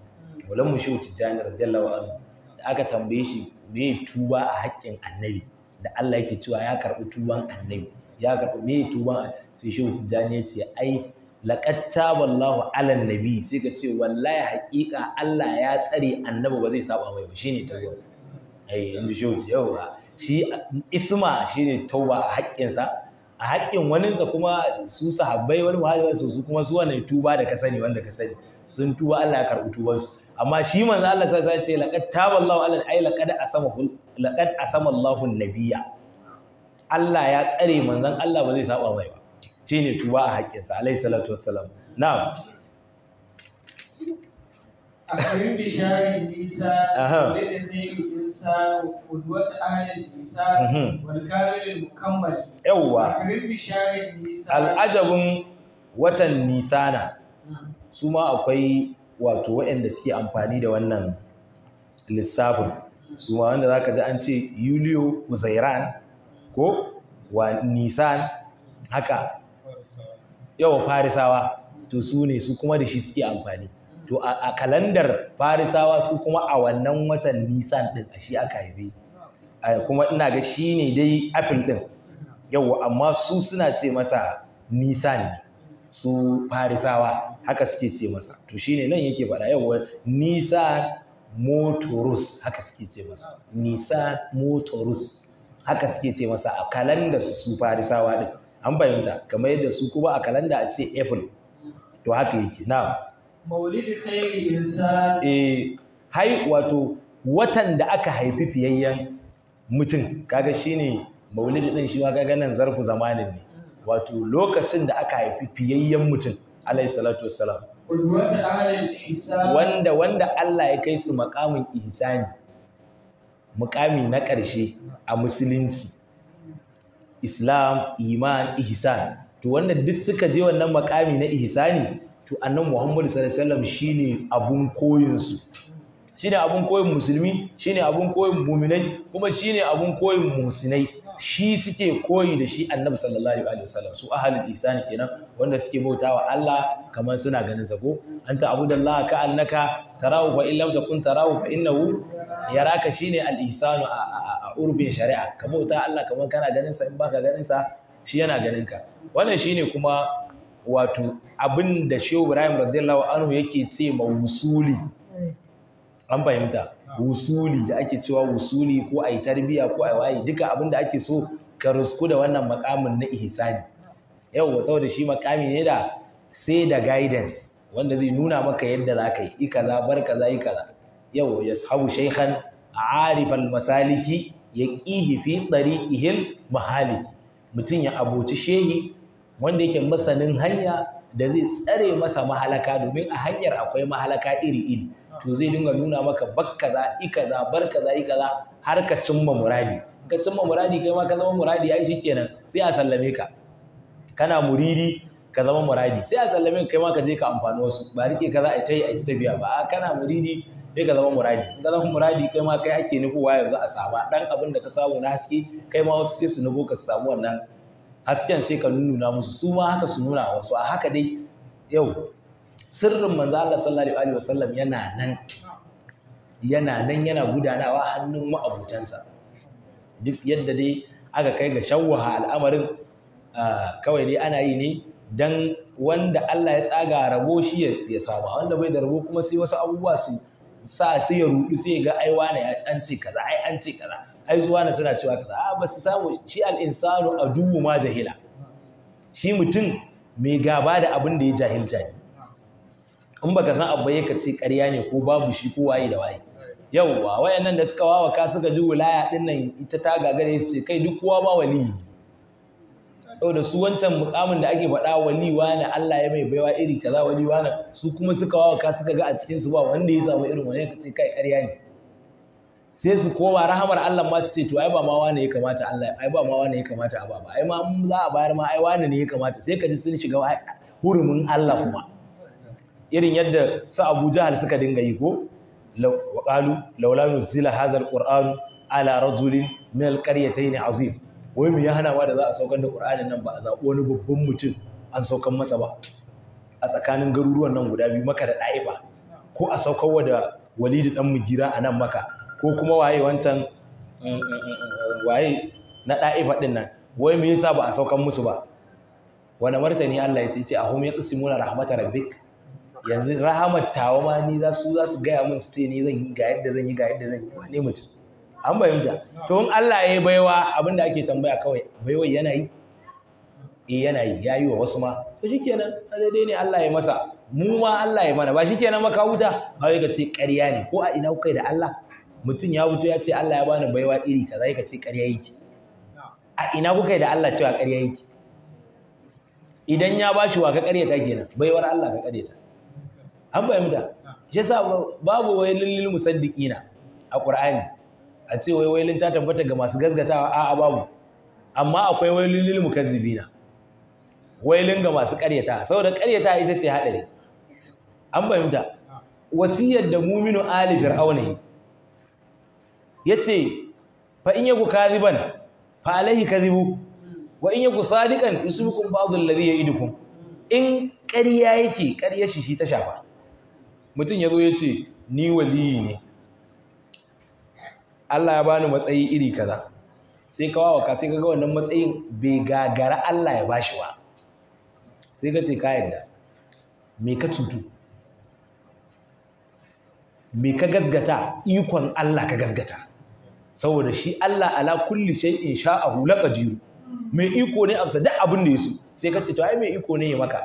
wala mu shehu tijani radiyallahu anhu da aka tambaye shi me tuba a haƙƙin annabi da Allah yake cewa ya karɓi tuban annabi ya karɓi me tuban sai shehu tijani ya ce ai laqad wallahu alan nabi sai ka ce wallahi haƙiƙa Allah ya tsare annabi ba zai saba mai ba shine tauba ai yanzu shehu yawa shi isma shine tauba a haƙƙinsa a haƙƙin waninsa kuma su sahabbai wani muhajirin su kuma su wani tuba da ka sani wanda ka sani sun tuba Allah ya karɓi tubansu amma shi manzo Allah sai sai ce laqad taballahu ala ay laqad asama laqad asama Allahu nabiyya Allah ya tsare manzon Allah ba zai saba mai ba shine tuba a haƙƙinsa alayhi salatu wassalam na'am nisa, wani أكرم بشار النساء ولدتين الإنسان قدوة أهل الإنسان والكامل المكمل يوا أكرم بشار nisa. Al'ajabin watan Nisa na, hmm. su ma akwai wato waɗanda suke amfani da wannan lissafin su ma wanda za ka ji an ce Yulio uzairan ko wa nisan haka yawa farisawa to su ne su kuma da shi suke amfani to a kalandar farisawa su kuma a wannan watan nisan din a shi aka haife kuma ina ga shi ne dai afil din Yau amma su suna ce masa nisan su farisawa haka suke ce masa to shi ne nan yake faɗa yawwa nisan motorus haka suke ce masa nisan motorus haka suke ce masa a kalanda su farisawa din an fahimta kamar yadda su kuma a kalanda a ce april to haka yake na'am maulidi khairi eh, wato watan da aka haifi fiyayyen mutum kaga shine maulidi din shi ma ganin nan zarfu zamanin ne wato lokacin da aka haifi fiyayyen mutum alayhi salatu wassalam wanda wanda Allah ya kai su makamin ihsani mukami na ƙarshe a musulunci islam iman ihsan to wanda duk suka je wannan makami na ihsani to annan muhammadu sallallahu shine abun koyinsu shine abun koyin musulmi shine abun koyin muminai kuma shine abun koyin musinai shi suke koyi da shi annabi sallallahu alaihi wasallam su ahalul ihsan kenan wanda suke bautawa Allah kamar suna ganin zago anta abudallah ka annaka tarahu fa illam takun tarahu fa innahu yaraka shine al ihsanu a urbin shari'a ka bauta Allah kamar kana ganin sa in baka ganin sa shi yana ganin ka wannan shine kuma wato abin da shehu ibrahim radiyallahu anhu yake ce ma wusuli an fahimta wusuli da ake cewa wusuli ko ai tarbiya ko ai waye duka abin da ake so ka rusku da wannan makamin na ihsani yau saboda shi makami ne da sai da guidance wanda zai nuna maka yadda za ka yi ika kaza bar za ika za yau yashabu shaykhan arifal masaliki yaqihi fi tariqihil mahaliki mutum ya aboci shehi wanda yake masanin hanya da zai tsare masa mahalaka domin a hanyar akwai mahalaka iri-iri to zai dinga nuna maka barka ikaza barkaza ikaza har ka cimma muradi ka cimma muradi kai ma ka zama muradi ai shikenan sai a sallame ka kana muridi ka zama muradi sai a sallame kai ma ka je ka amfani wasu ba rike kaza a yi a ci tafiya ba kana muridi sai ka zama muradi in ka zama muradi kai ma kai ake nufowa yanzu a saba dan abin da ka samu na haske kai ma wasu sai su nufo ka samu wannan hasken sai ka nuna musu su ma haka su nuna wasu a haka dai yau sirrin manzo Allah sallallahu alaihi wasallam yana nan yana nan yana gudanawa hannun ma'abutansa duk yadda dai aka kai ga shawwaha al'amarin kawai dai ana yi ne dan wanda Allah ya tsaga rabo shi ya saba wanda bai da rabo kuma sai wasu abubuwa su sa sai ya rudu sai ga ai wane ya an kaza ai an ce kaza ai zuwa na suna cewa kaza a ah, ba su samu shi al-insanu aduwwu ma jahila shi mutum mai gaba da abin da ya jahilta ne in ba ka san abu ya kace ƙarya ne ko babu shi ko waye da waye yawwa wayannan da suka wawa ka suka ji wulaya din nan ita ta gagare su ce kai duk kowa ba wali ne saboda su wancan mukamin da ake faɗa wali wani Allah ya mai baiwa iri kaza wali wani su kuma suka wawa ka suka ga a cikin su ba wanda ya samu irin wani ka ce kai ƙarya ne sai su koma rahamar Allah ma su ce to ai ba ma wane ya kamata Allah ai ba ma wane ya kamata a baba ai ma in za a bayar ma ai wane ne ya kamata sai ka ji sun shiga hurumin Allah kuma irin yadda su Abu Jahal suka dinga yi ko qalu laula nuzila hadha alquran ala rajulin min alqaryatayn azim wai me ya hana wa da za a saukar da qur'anin nan ba a zabo wani babban mutum an saukar masa ba a tsakanin garuruwan nan guda biyu maka da ɗa'ifa ko a saukar wa da walidi dan mugira a nan maka ko kuma waye wancan mm, mm, mm, waye na ɗa'ifa ɗin nan wai me yasa ba a saukan musu ba wani martani Allah ya sai ce ahum la rahmatar rabbik yanzu rahmat tawa ma ni za su za su gaya mun su ce ni zan yi ga yadda zan yi ga yadda zan yi wane mutum an fahimta to in Allah ya yi baiwa abin da ake tambaya kawai baiwa yana yi eh yana yi ya yi wa wasu ma to shikenan daidai ne Allah ya masa mu ma Allah ya mana ba shikenan maka ba ai ka ce ƙarya ne ko a ina kuka da Allah mutum ya wuto ya ce Allah ya bani baiwa iri kaza yake ce ƙarya yake a ina kuka yi da Allah cewa ƙarya yake idan ya bashi wa ka ta kenan baiwar Allah ka ta. an fahimta shi yasa babu wailin lil na a Qur'ani a ce wai wailin ta tabbata ga masu gazgatawa a babu amma akwai wailin lil mukazzibina wailin ga masu ƙaryata saboda ƙaryata ita ce haɗari an fahimta wasiyar da muminu ali fir'auna Ya yace fa in yaku kadhiban fa alaihi kadhibu wa in yaku sadiqan yusubukum ba'd alladhi ya'idukum in ƙarya yake karya shi shi ta shafa mutum ya zo ya ce ni waliyi ne Allah ya bani matsayi iri kaza sai ka sai ka ga wannan matsayin bai gagara Allah ya bashi ba sai ka ce ka yarda me ka cutu me ka gasgata ikon Allah ka gasgata saboda shi Allah ala kulli a hula laqadir mai iko ne amsa duk abin da yaso sai ka ce to ai mai iko ne ya maka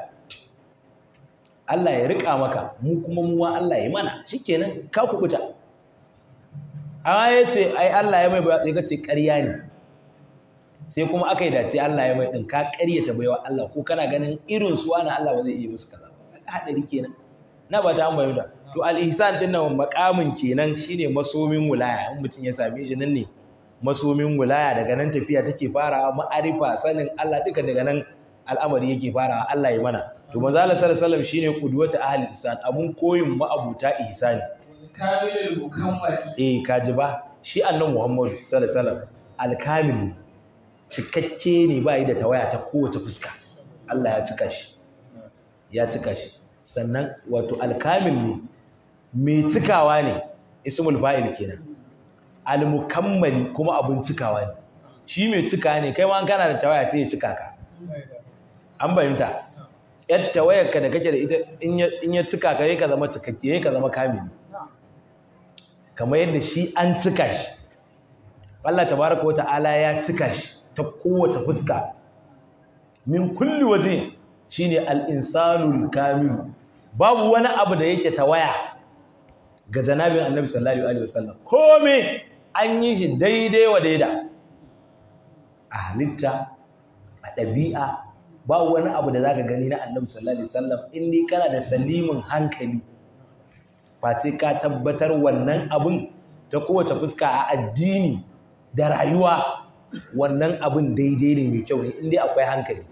Allah ya rika maka mu kuma mu wa Allah ya mana shikenan ka kubuta amma ya ce ai Allah ya mai baya sai ka ce ƙarya ne sai kuma aka yi dace Allah ya mai din ka ƙaryata baiwa Allah ko kana ganin irin su wani Allah ba zai iya musu kaza ba kenan na ba ta an bayyana to al-ihsan din nan makamin kenan shine masomin wilaya in mutum ya same shi nan ne masomin wilaya daga nan tafiya take farawa ma'arifa sanin Allah duka daga nan al'amari yake farawa Allah ya mana to manzo Allah sallallahu alaihi wasallam shine qudwatu ahli ihsan abun koyin abuta ihsani kamilul mukammal eh kaji ba shi annabi Muhammad sallallahu alaihi wasallam al-kamil cikakke ne ba yi da tawaya ta kowace fuska Allah ya cika shi ya cika shi sannan wato alkamil ne mai cikawa ne ismul fa'il kenan almukammali kuma abin cikawa ne shi mai cika ne kai ma kana da tawaya sai ya cika ka an bayimta yar tawayar ka da kake da ita in ya cika ka ka zama cikakke ka zama kamili kamar yadda shi an cika shi Allah tabaraka wa ta'ala ya cika shi ta kowace fuska min kulli waje shine al-insanul kamilu babu wani abu da yake tawaya ga janabin annabi sallallahu alaihi wasallam me an yi shi daidai wa daida a halitta a ɗabi'a babu wani abu da zaka gani na annabi sallallahu alaihi wasallam in ni kana da salimin hankali face ka tabbatar wannan abun ta kowace fuska a addini da rayuwa wannan abun daidai ne mai kyau ne in dai akwai hankali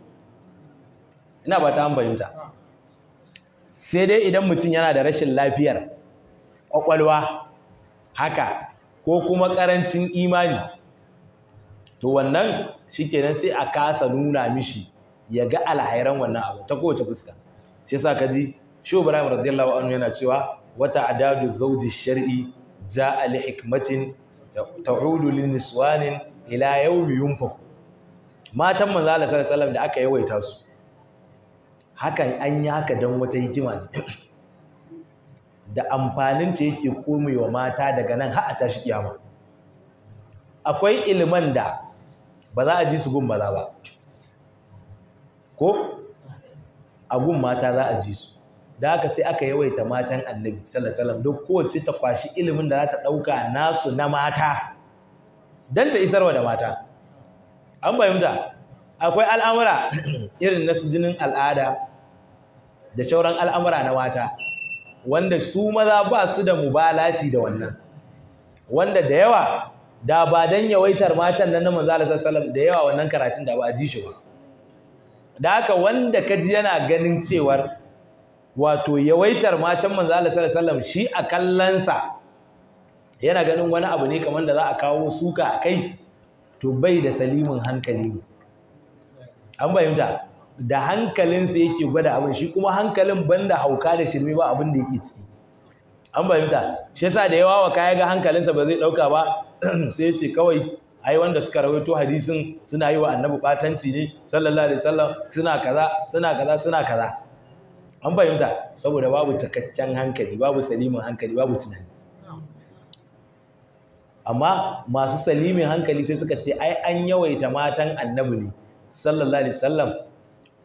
ina ba ta an fahimta sai dai idan mutum yana da rashin lafiyar ƙwaƙwalwa haka ko kuma ƙarancin imani to wannan shi shikenan sai a kasa nuna mishi ya ga alhairan wannan abu ta kowace fuska shi sa ka ji shi Ibrahim radiyallahu anhu yana cewa wata adadu zauji shar'i ja li hikmatin ta'udu lin niswanin ila yawmi yunfa matan manzo sallallahu alaihi wasallam da aka yawaita su hakan an yi haka don wata hikima ne da ta yake komewa mata daga nan har a tashi kiyama akwai ilman da ba za a ji su gun maza ba ko a gun mata za a ji su da haka sai aka yawaita matan annabi sallallahu alaihi don kowace ta kwashi ilimin da za ta ɗauka nasu na mata don ta isarwa da mata an fahimta akwai al'amura irin na su jinin al'ada da shauran al'amura na mata wanda su maza ba su da mubalati da wannan wanda da yawa da ba don yawaitar matan nan na manzo Allah da yawa wannan karatun da ba ji shi ba da haka wanda kaji yana ganin cewar wato yawaitar matan manzo Allah shi a kallansa yana ganin wani abu ne kamar da za a kawo suka a kai to bai da salimin hankali ne an fahimta da hankalinsa yake gwada abin shi kuma hankalin banda hauka da shirme ba abin da yake ciki an fahimta shi yasa da yawa wa kaya ga hankalinsa ba zai ɗauka ba sai ya ce kawai ai wanda suka rawaito hadisin suna yi wa annabi batanci ne sallallahu alaihi wasallam suna kaza suna kaza suna kaza an fahimta saboda babu takakken hankali babu salimin hankali babu tunani amma masu salimin hankali sai suka ce ai an yawaita matan annabi ne sallallahu alaihi wasallam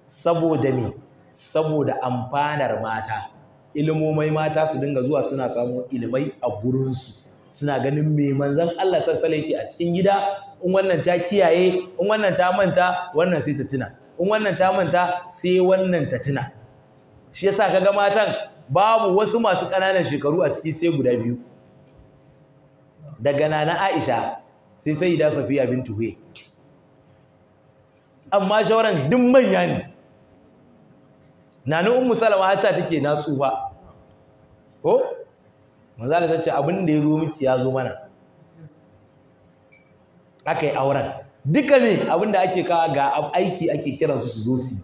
saboda me saboda amfanar mata ilmomai mata su dinga zuwa suna samun ilmai a gurinsu suna ganin me manzon Allah sallallahu alaihi a cikin gida in wannan ta kiyaye in wannan ta manta wannan sai ta tuna in wannan ta manta sai wannan ta tuna shi yasa kaga matan babu wasu masu ƙananan shekaru a ciki sai guda biyu daga nana Aisha sai sai da Safiya bintu Huye amma shawaran duk manya ne nanu ummu salama hacca take na tsufa ko manzo Allah sace abin ya zo miki ya zo mana aka yi auren duka ne abin ake kawa ga aiki ake kiransu su zo su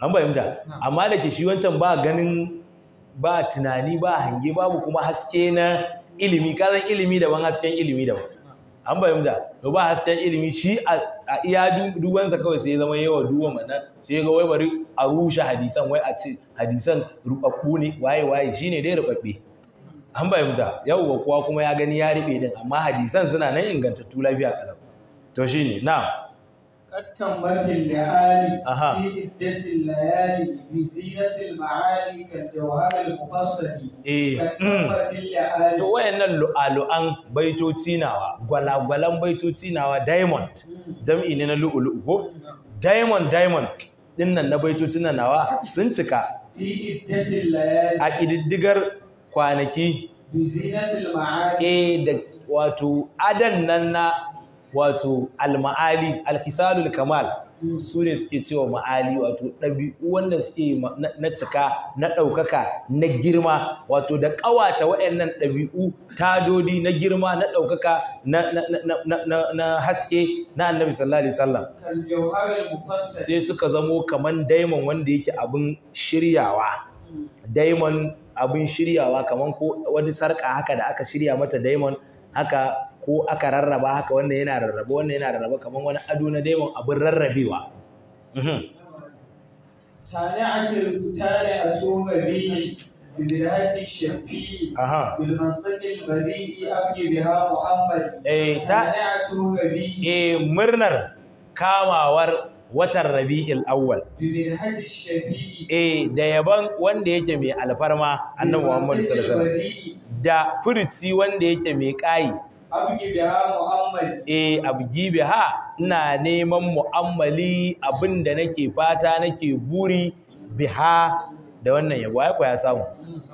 an fahimta amma da ke shi wancan ba ganin ba tunani ba hange babu kuma haske na ilimi kazan ilimi daban hasken ilimi daban an fahimta to ba hasken ilimi shi a iya duwansa kawai sai zama yawa duwa wannan sai ga wai bari a rushe hadisan wai a ce hadisan rubabbu ne waye waye shine dai rubabbe an fahimta yawwa kuwa kuma ya gani ya ribe din amma hadisan suna nan ingantattu lafiya kalam to shine na'am التنبت اللعالي في عدة الليالي بزينة المعالي كالجوهر المقصد to wayannan lu'alu'an baitoci nawa gwalagwalan baitoci nawa diamond mm. jam'i ne na lu'ulu ko diamond diamond dinnan na baitoci na sun cika a ƙididdigar kwanaki E, wato adan nan na wato alma'ali alhisalul kamal su ne suke cewa ma'ali wato ɗabi'u wanda suke na cika na ɗaukaka na girma wato da ƙawata waɗannan ɗabi'u tadodi na girma na ɗaukaka na haske na annabi sallallahu alaihi wasallam sai suka zamo kaman daimon wanda yake abin shiryawa daimon abin shiryawa kamar ko wani sarƙa haka da aka shirya mata daimon haka ko aka rarraba haka wanda yana rarraba wanda yana rarraba kamar wani ado na daimon abin rarrabewa a a mhm. tani'atu babi bidirati shafi bil yi badi abdi biha muhammad eh tani'atu babi eh murnar kamawar watan rabi'il awwal eh da yaban wanda yake mai alfarma annabi muhammad sallallahu alaihi wasallam da furuci wanda yake mai kai eh abgi biha ina neman mu'ammali abinda nake fata nake buri biha da wannan yabo ai ko ya samu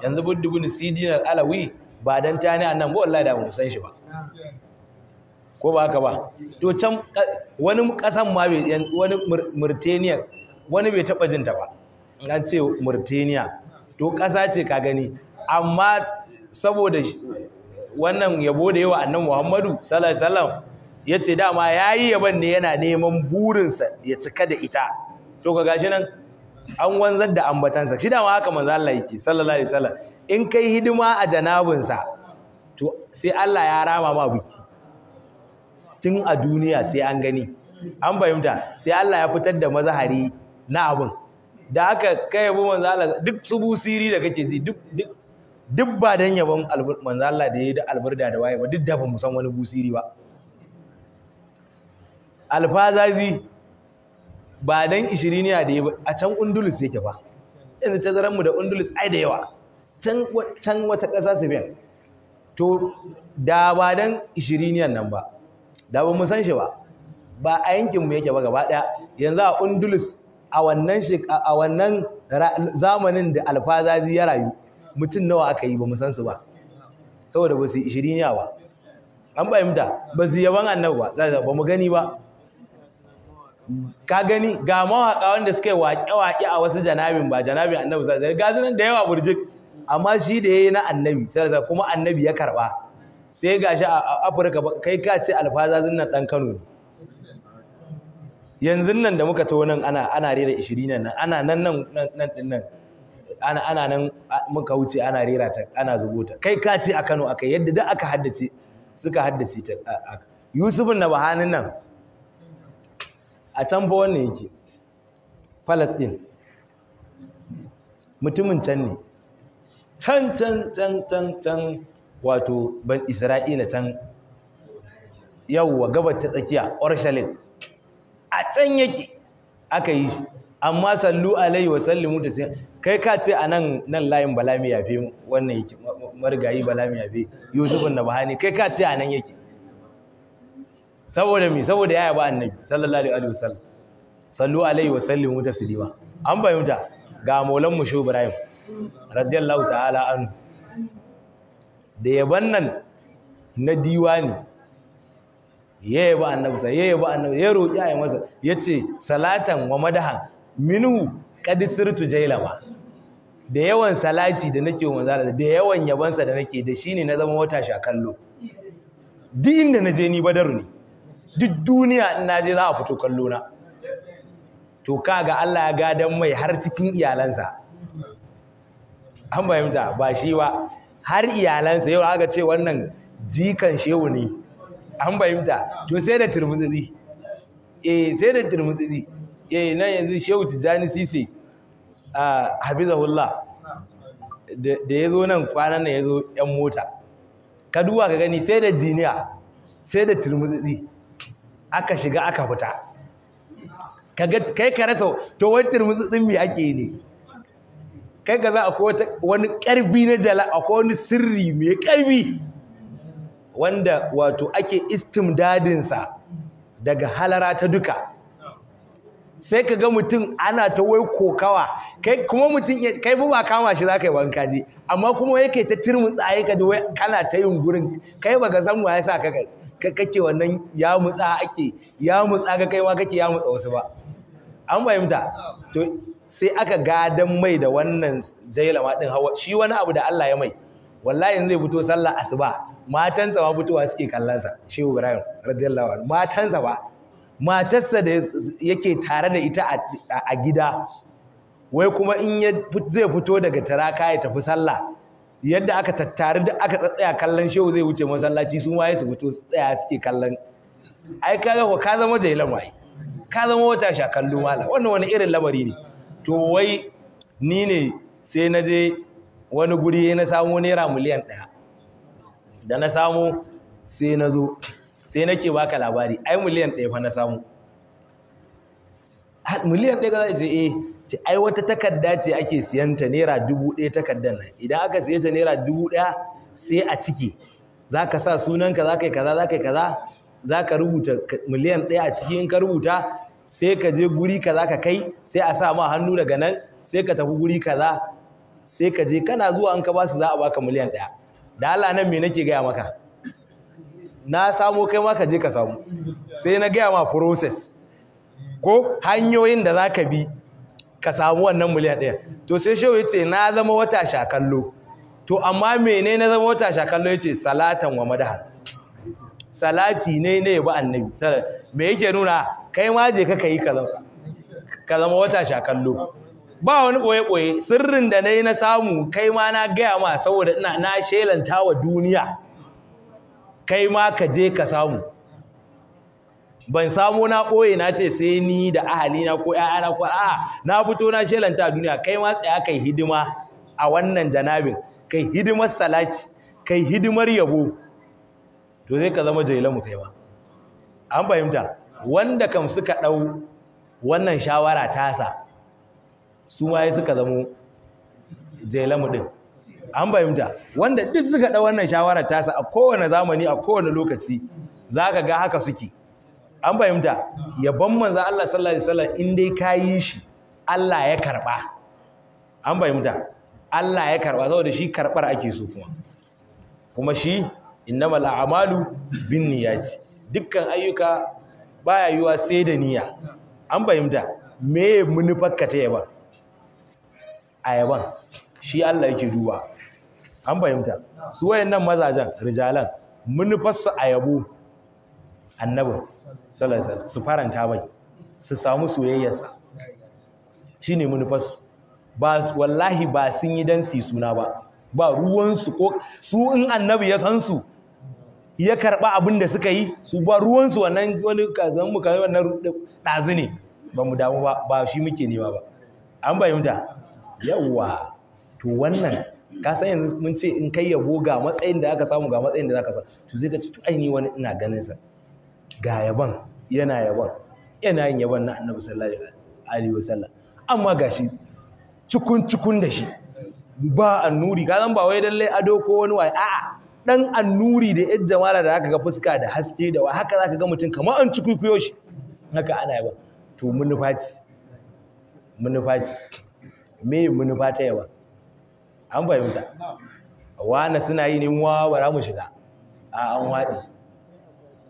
yanzu buddu bin sidin alawi ba dan tani annan ba wallahi da mu san shi ba ko ba haka ba to can wani kasan ma wani Murtaniya, wani bai taba jinta ba an ce Murtaniya, to kasa ce ka gani amma saboda wannan yabo da yawa annabi Muhammadu sallallahu alaihi wasallam yace dama yayi yaban ne yana neman burinsa ya cika da ita to ga gashi nan an wanzar da ambatansa shi dama haka manzo Allah yake sallallahu alaihi wasallam in kai hidima a janabinsa to sai Allah ya rama ma biki tun a duniya sai an gani an fahimta sai Allah ya fitar da mazahari na abin da aka kai yabo manzo Allah duk subusiri da kake ji duk duk duk ba don yabon manzala da ya yi da albarda da waye ba duk da ba mu san wani busiri ba alfazazi ba dan ishiriniya da yayi a can undulus yake ba yanzu tazaran mu da undulus ai da yawa can wata ƙasa biyan to da ba dan ishiriniyan nan ba da ba mu san shi ba ba a yankinmu ya yake ba gaba daya yanzu a undulus a wannan a wannan zamanin da alfazazi ya rayu mutum nawa aka yi ba mu san su ba saboda ba su ishirin yawa an fahimta ba su yaban annabu ba za ba mu gani ba ka gani ga mawaƙa wanda suka yi waƙe-waƙe a wasu janabin ba janabin annabu sallallahu alaihi wasallam nan da yawa burjik amma shi da ya yi na annabi sallallahu kuma annabi ya karba sai gashi a Afirka kai ka ce alfazazin nan dan Kano ne yanzu nan da muka tawo nan ana ana rera 20 nan ana nan nan nan nan ana ana nan muka wuce ana rera ta ana zubo ta kai ka ce a Kano aka yadda da aka haddace suka haddace ta Yusufun na bahanin nan a can ba wannan yake Palestine mutumin can ne can can can can can wato ban Isra'ila can yawwa gabar ta tsakiya Orshalin a can yake aka yi shi amma sallu alaihi wa sallimu da kai ka ce a nan nan layin bala mai yafe wannan yake marigayi bala mai yafe Yusufin na bahani kai ka ce a nan yake saboda mi saboda ya yaba annabi sallallahu alaihi wa sallam sallu alaihi wa sallimu taslima an fahimta ga maulan mu shu ibrahim radiyallahu ta'ala an da yaban nan na diwani ya yaba annabi sai ya yaba annabi ya roki ayi masa yace salatan wa madahan minhu qad sirtu jailama da yawan salati da nake wa manzo da yawan yabansa da nake da shine na zama wata shakallo duk inda naje ni badaru ne duk duniya in naje za a fito kallo na to kaga Allah ya gadan mai har cikin iyalansa an fahimta ba shi ba har iyalansa yau aka ce wannan jikan shehu ne an fahimta to sai da turmutsi eh sai da turmutsi eh nan yanzu Shehu Tijani Sisi a Hafizahullah da ya zo nan kwanan nan ya zo yan mota ka duba ka gani sai da jiniya sai da turmuzi aka shiga aka fita kaga kai ka rasa to wani turmuzi din me ake ne kai ka za akwai wani karbi na jala akwai wani sirri mai karbi wanda wato ake istimdadinsa daga halara ta duka sai ka ga mutum ana ta wai kokawa kai kuma mutum kai bu ba kama shi zaka yi wanka ji amma kuma yake ta tirmin tsaye ka ji wai kana ta yin gurin kai baka san wa yasa ka ka kake wannan ya mutsa ake ya mutsa ka kai ma kake ya mutsa wasu ba an fahimta to sai aka gadan mai da wannan jailama din hawa shi wani abu da Allah ya mai wallahi zai fito sallar asuba matansa ba fitowa suke kallansa Shehu Ibrahim radiyallahu anhu matansa ba matarsa da yake tare da ita a gida wai kuma in zai fito daga taraka ya tafi sallah yadda aka tattari da aka tsaya kallon shehu zai wuce masallaci sun waye su fito su tsaya suke kallon ai ka ga ka zama jailan waye ka zama wata sha kallon wala wannan wani irin lamari ne to wai ni ne sai na je wani guri na samu naira miliyan ɗaya da na samu sai na zo sai nake baka labari ai miliyan ɗaya fa na samu miliyan ɗaya ga zai eh ce ai wata takarda ce ake siyan ta naira dubu ɗaya takardar nan idan aka siye ta naira dubu ɗaya sai a ciki za ka sa sunan za ka yi kaza za ka yi kaza za ka rubuta miliyan ɗaya a ciki in ka rubuta sai ka je guri kaza ka kai sai a sa ma hannu daga nan sai ka tafi guri kaza sai ka je kana zuwa an ka ba su za a baka miliyan ɗaya da Allah nan me nake gaya maka na samo kai ma ka je ka samu sai na gaya ma process ko hanyoyin da za ka bi ka samu wannan miliyan ɗaya to sai shehu ya ce na zama wata shakallo to amma mene na zama wata shakallo ya ce salatan wa madaha salati ne ne ba annabi me yake nuna kai ma je ka kai ka zama wata shakallo ba wani ɓoye-ɓoye sirrin da na yi na samu kai ma na gaya ma saboda na shelanta wa duniya kai ma ka je ka samu ban samu na ɓoye na ce sai ni da ahali na ko ‘ya'yana ko a na fito na shelanta a duniya kai ma tsaya kai hidima a wannan janabin kai hidimar salati kai hidimar yabo to sai ka zama mu kai ma an fahimta wanda kam suka ɗau wannan shawara tasa su ma suka zamo mu ɗin an fahimta wanda duk suka da wannan shawarar tasa a kowane zamani a kowane lokaci za ka ga haka suke an fahimta yabon manza Allah sallallahu alaihi wasallam in dai ka yi shi Allah ya karɓa an fahimta Allah ya karɓa saboda shi karɓar ake so kuma kuma shi innamal a'malu binniyati dukkan ayyuka baya yiwa sai da niyya an fahimta me manufarka ta yaban a yaban shi Allah yake duba an fahimta su wayannan mazajen rijalan manufarsu a yabo annabin su faranta mai su samu soyayyarsa shi ne manufarsu ba wallahi ba sun yi dan su suna ba ba ruwansu ko su in annabi ya san su ya karɓa abin da suka yi su ba ruwansu wannan wani kazan mu kazan wannan ɗazu ne ba mu damu ba ba shi muke nema ba an fahimta yawwa to wannan ka san yanzu mun ce in kai yabo ga matsayin da aka samu ga matsayin da zaka samu to sai ka ci to aini wani ina ganin sa ga yaban yana yaban yana yin yaban na annabi sallallahu alaihi wasallam amma gashi cikun cikun da shi ba annuri ka san ba wai dalle ado ko wani wai a'a dan annuri da yadda jamala da zaka ga fuska da haske da wa haka zaka ga mutum kamar an cikuikuyo shi haka ana yaban to mun nufaci mun nufaci me mun nufata yaban an fahimta wane suna yi ne muwa bara mu shiga a an waɗi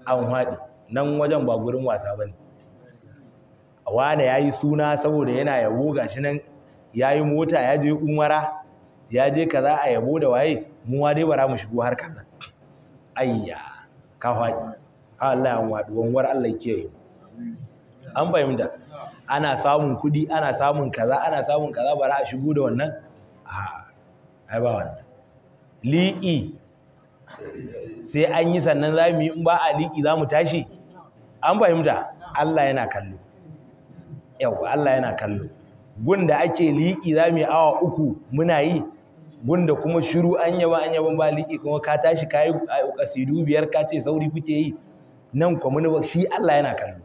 an waɗi nan wajen ba gurin wasa ba ne wane ya yi suna saboda yana yabo ga shi nan ya yi mota ya je umara ya je kaza a yabo da waye muwa dai bara mu shigo harkar nan ayya ka faɗi Allah ya waɗi wanwar Allah ke yi an fahimta ana samun kuɗi ana samun kaza ana samun kaza bara a shigo da wannan a'a ai ba wannan liƙi sai an yi sannan za mu yi ba a liƙi za mu tashi an fahimta Allah yana kallo yau Allah yana kallo gunda ake liƙi za mu yi awa uku muna yi gunda kuma shiru an yaba an yaban ba liƙi kuma ka tashi ka yi kasidu biyar ka ce sauri kuke yi nan kuma munufar shi Allah yana kallo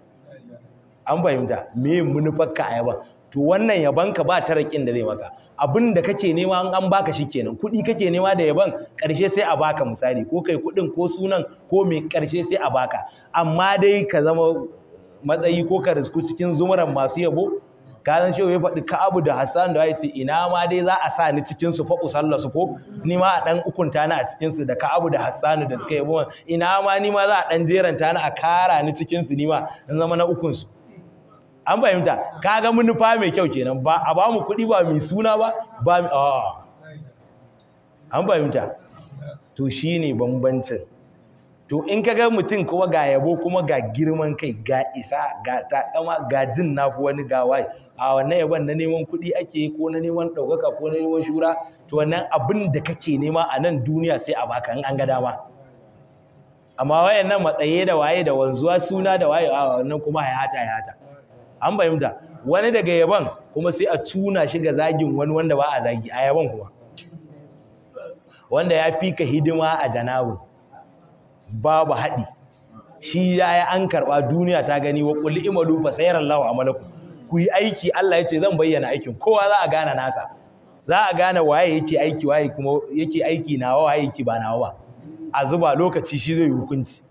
an fahimta me munufar ka a to wannan yaban ka ba tarakin da zai maka abin da kake nema an an baka shi kenan kuɗi kake nema da yaban ƙarshe sai a baka misali ko kai kuɗin ko sunan ko mai ƙarshe sai a baka amma dai ka zama matsayi ko ka risku cikin zumuran masu yabo ka san shehu ya faɗi ka'abu da hassan da ya ce ina ma dai za a sa ni cikin su fa usalla su ko ni ma a dan ukunta ni a cikin su da ka'abu da hassan da suka yabo ina ma ni ma za a dan jeranta ni a kara ni cikin su ni ma in zama na ukun su an fahimta kaga manufa mai kyau kenan ba a ba mu kuɗi ba mai suna ba ba a an fahimta to shine bambancin to in kaga mutum kuma ga yabo kuma ga girman kai ga isa ga takama ga jin nafi wani ga wai a wannan yabon na neman kuɗi ake ko na neman ɗaukaka ko na neman shura to wannan abin da kake nema a nan duniya sai a baka in an ga dama amma wayannan matsaye da waye da wanzuwa suna da waye a wannan kuma hayata hayata an fahimta wani daga yaban kuma sai a tuna shi ga zagin wani wanda ba a zagi a yaban kuma wanda ya fi ka hidima a janawun babu haɗi shi ya yi an karɓa duniya ta gani wa ƙulli imalu fa sayar Allah a malaku ku yi aiki Allah ya ce zan bayyana aikin kowa za a gane nasa za a gane waye yake aiki waye kuma yake aiki nawa waye yake ba nawa ba a zuba lokaci shi zai yi hukunci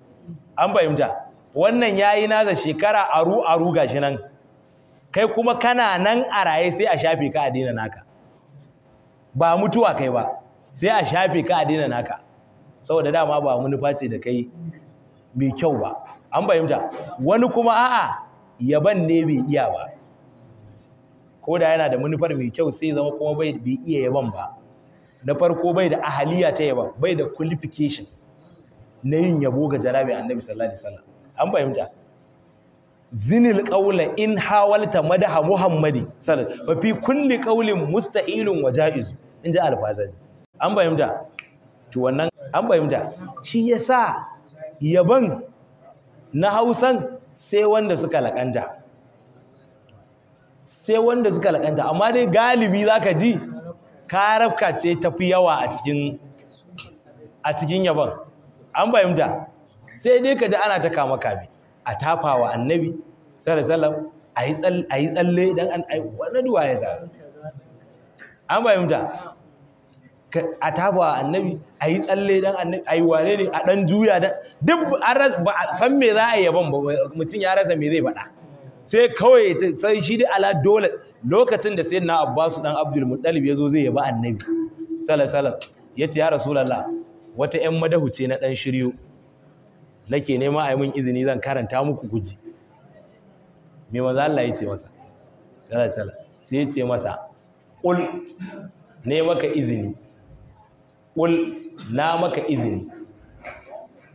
an fahimta wannan yayi naza shekara aru aru gashi nan kai kuma kana nan a raye sai a shafe ka a daina naka ba mutuwa kai ba sai a shafe ka a daina naka saboda dama ba manufa ce da kai mai kyau ba an fahimta wani kuma a'a yaban ne bai iya ba ko da yana da manufar mai kyau sai zama kuma bai iya yaban ba na farko bai da ahaliya ta yaban bai da qualification na yin yabo ga jarabi annabi sallallahu alaihi wasallam an fahimta zinil ƙaula in hawalta madaha muhammadi sallallahu wa fi kulli qawlin musta'ilun wa jaiz in ji alfazazi an fahimta to wannan an fahimta shi yasa yaban na Hausan sai wanda suka laƙanta, sai wanda suka laƙanta amma dai galibi zaka ji karabka ce tafi yawa a cikin a cikin yaban an fahimta sai dai ka ji ana ta kama kame a tafa wa annabi sallallahu alaihi a yi tsalle idan an ai wannan duwa ya zaga an fahimta a tafa wa annabi a yi tsalle idan annabi a yi wane ne a dan juya dan duk ba a san me za a yi yaban ba mutum ya rasa me zai faɗa sai kawai sai shi dai ala dole lokacin da sayyidina abbasu dan abdul muttalib yazo zo zai yaba annabi sallallahu alaihi wasallam ya ce ya rasulullah wata ƴan madahu ce na ɗan shiryo nake nema a yi min izini zan karanta muku guji me manzo Allah ya ce masa sai ya ce masa qul ne maka izini qul na maka izini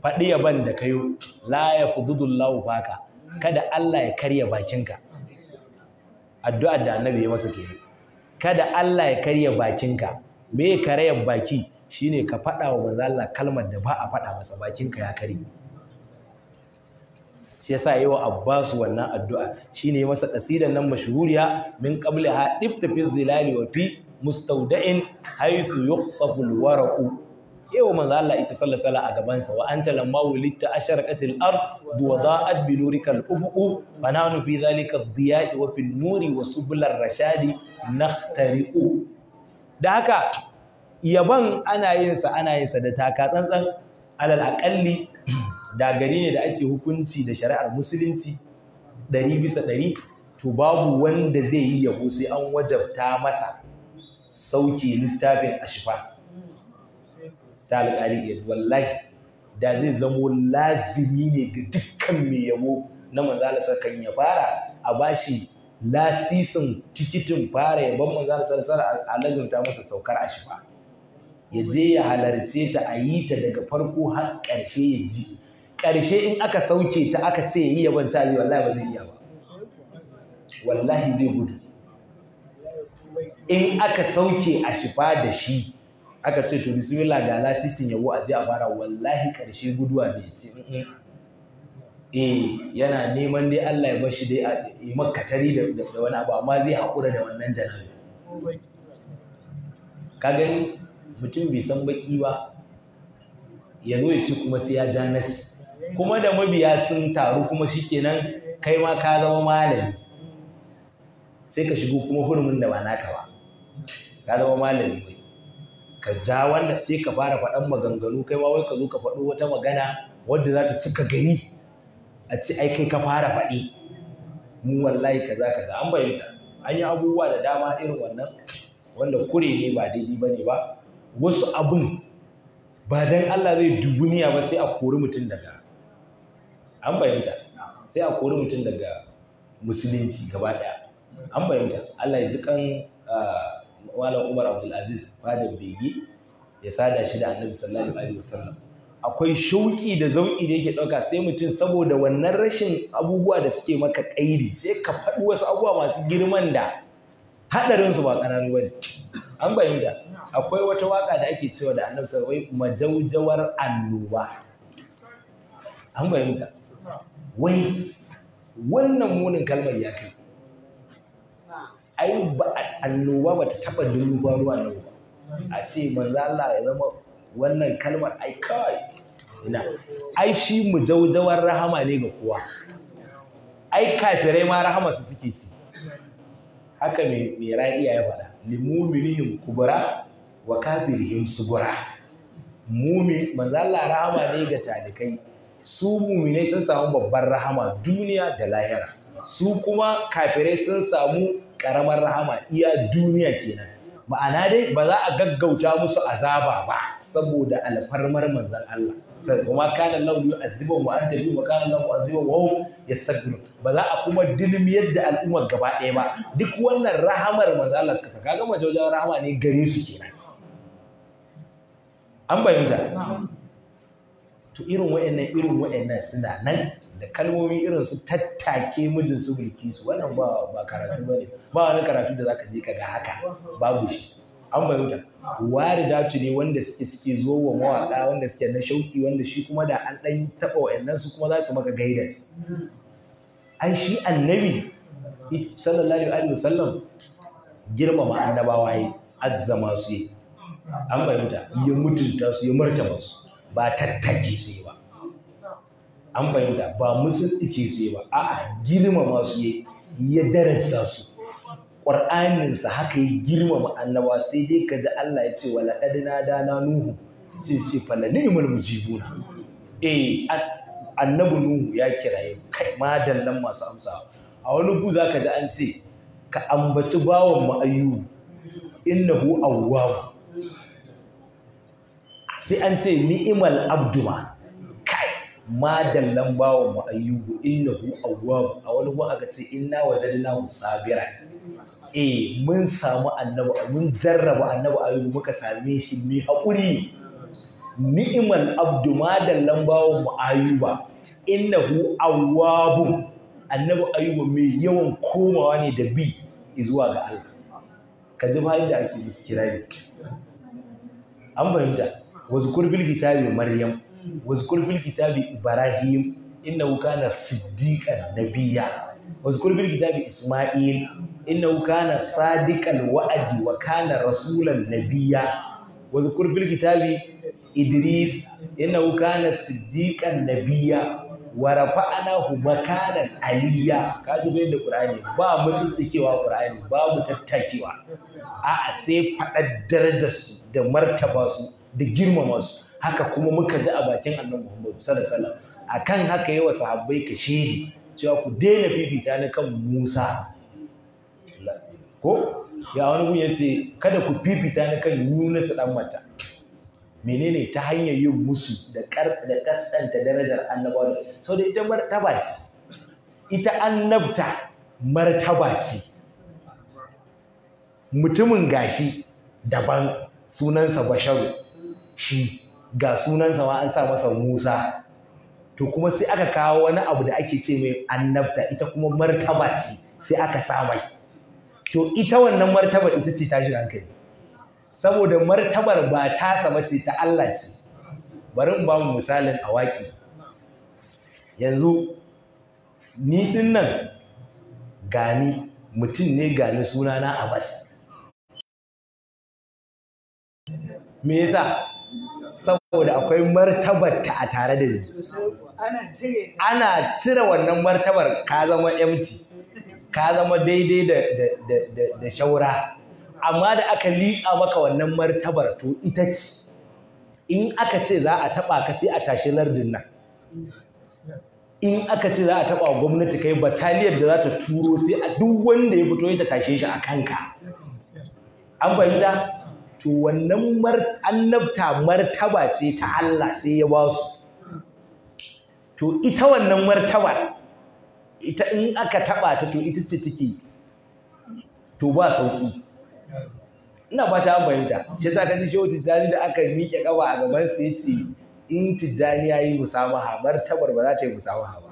faɗi yaban da kayo la ya fududullahu baka kada Allah ya karya bakinka addu'ar da annabi ya masa kenan kada Allah ya karya bakinka me karayar baki shine ka faɗa wa manzo Allah kalmar da ba a faɗa masa bakinka ya karye shi yasa yayi wa Abbas wannan addu'a shine masa ƙasidan nan mashuriya min qablaha ibta fi zilali wa fi mustawda'in haythu yuhsafu alwaraqu yawa manzo Allah ita sallallahu a gabansa sa wa anta lamma wulita asharaqatil ard wa da'at bi nurikal ufuqu fananu fi dhalika ad-diya'i wa fi nuri wa sublar rashadi nakhtari'u da haka yaban ana yin sa ana yin sa da taka tsantsan alal aƙalli da gari ne da ake hukunci da shari'ar musulunci ɗari bisa ɗari to babu wanda zai yi yabo sai an wajabta masa sauke littafin ashifa ta alƙali wallahi da zai zamo lazimi ne ga dukkan mai yabo na manzala sarkan ya fara a bashi lasisin tikitin fara yabon manzala sarkan a lazimta masa saukar ashifa ya je ya halarce ta a yi ta daga farko har ƙarshe ya ji ƙarshe in aka sauke ta aka ce yi yaban ta yi wallahi ba zai iya ba wallahi zai gudu in aka sauke a shifa da shi aka ce to bismillah ga lasisin yabo a a fara wallahi ƙarshe guduwa zai ce eh yana neman dai Allah ya bashi dai a yi makatari da wani abu amma zai haƙura da wannan janabi ka gani mutum bai san baki ba ya zo ya ci kuma sai ya ja nasi kuma da mabiya sun taru kuma shikenan kai ma ka zama malami sai ka shigo kuma hurumin da ba naka ba ka zama malami ne ka ja wanda sai ka fara faɗan maganganu kai ma wai ka zo ka faɗo wata magana wadda za ta ka gani a ce ai ka fara faɗi mu wallahi ka za ka za. an bayyana an yi abubuwa da dama irin wannan wanda kure ne ba daidai ba ne ba wasu abin ba dan Allah zai duniya ba sai a kori mutum daga an fahimta sai a kori mutum daga musulunci gaba ɗaya an fahimta Allah ya ji kan ah, malam Umar Abdul Aziz fadar bege ya sada shi da Annabi sallallahu alaihi wasallam akwai shauki da zauki da yake ɗauka sai mutum saboda wannan rashin abubuwa da suke maka ƙairi sai ka faɗi wasu abubuwa masu girman da su ba ƙananu bane an fahimta akwai wata waka da ake cewa da annabi sallallahu alaihi wasallam majawjawar annoba an fahimta wai wannan munin kalmar ya kai ai ba annoba ba ta taba duba ruwa nan ba a ce manzo Allah ya zama wannan kalmar ai kawai ina ai shi mu jaujawar rahama ne ga kowa ai kafirai ma rahama su suke ci haka mai mai ra'iya ya Ni mu'minihim kubra wa kafirihim sugura mumin manzo Allah rahama ne ga talikai su muminai sun samu babbar rahama duniya da lahira su kuma kafirai sun samu karamar rahama iya duniya kenan ma'ana dai ba za a gaggauta musu azaba ba saboda alfarmar manzan Allah kuma kana yu yu'azzibu wa anta bi wa kana lahu azibu wa hum yastaghfirun ba za a kuma dilmiyar da al'ummar gaba ɗaya ba duk wannan rahamar manzan Allah suka saka ga rahama ne gare su kenan an bayyana to irin wa'annan irin wa'annan suna nan da kalmomi irin su tattake mijin su kisu. wannan ba ba karatu bane ba wani karatu da zaka je ka ga haka babu shi an da tu ne wanda suke suke zo wa mawaka wanda suke na shauki wanda shi kuma da an dan taba wa'annan su kuma za su maka guidance ai shi annabi sallallahu alaihi wasallam girmama annabawa yi azzama su yi an da, ya mutunta su ya martaba su ba tattaki yi ba an fahimta ba musulunci yi ba a'a girmama su ya darasa su ƙwar'aninsa haka ya girmama annaba sai dai ka ji Allah ya ce wala na nuhu sai ce fala ni'mal mujibuna eh annabi nuhu ya kiraye kai madallan masu amsa a wani gu zaka ji an ce ka ambaci bawan mu ayyubu innahu awwabu sai an ce ni'imal abdu ma kai madallan mu ayyubu innahu awwab a wani gun aka ce inna wajadnahu sabira eh mun samu annabi mun jarraba annabi ayyubu muka same shi mai haƙuri ni'imal abdu ma madallan bawa mu ayyuba innahu awwab annabi ayyuba mai yawan komawa ne da bi zuwa ga Allah ka ji bayan da ake musu kirari an fahimta wazkur bil kitabi maryam wazkur kitabi ibrahim innahu kana siddiqan nabiyya wazkur bil kitabi isma'il innahu kana sadiqal wa'adi wa kana rasulan nabiyya wazkur bil kitabi idris innahu kana siddiqan nabiyya wa hu makanan aliyya kaji bai da qur'ani ba musulsikewa qur'ani babu tattakewa a'a sai faɗar darajar su da martaba su da girmama su haka kuma muka ji a bakin annabi Muhammad sallallahu alaihi wasallam akan haka yawa sahabbai shehi cewa ku daina fifita ni kan Musa ko ya wani gun yace kada ku fifita ni kan Yunus dan mata menene ta hanyar yin musu da da kasanta darajar annabawa saboda ita martaba ce ita annabta martaba ce mutumin gashi daban sunansa basharu shi ga sunansa ma an sa masa Musa to kuma sai aka kawo wani abu da ake ce mai annabta ita kuma martaba ce sai aka sa mai to ita wannan martabar ita ce tashin hankali saboda martabar ba ta sama ce ta Allah ce bari in ba mu misalin awaki yanzu ni din nan gani mutum ne gani sunana Abbas me yasa saboda akwai martabarta a tare da ni ana cire wannan martabar ka zama yamci ka zama daidai da shaura amma da aka liƙa maka wannan martabar to ita ce in aka ce za a taɓa ka sai a tashi lardin nan in aka ce za a taɓa gwamnati kai bataliyar da za ta turo sai a duk wanda ya fito ya ta tashe shi a kanka an fahimta to wannan annabta martaba ce ta Allah sai ya ba su to ita wannan martaba ita in aka taba ta to ita ce take to ba sauki ina ba ta bayanta shi yasa kaji tijjani da aka miƙe kawa a gaban sa yace in tijjani yayi musamaha martabar ba za ta yi musamaha ba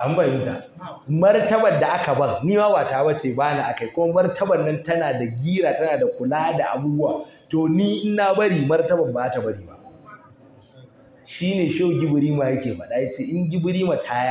an fahimta martabar da aka ban ni ma ba ta bace ba na akai kuma martabar nan tana da gira tana da kula da abubuwa to ni in na bari martabar ba ta bari ba shine shau gibrima yake faɗa yace in gibirima ta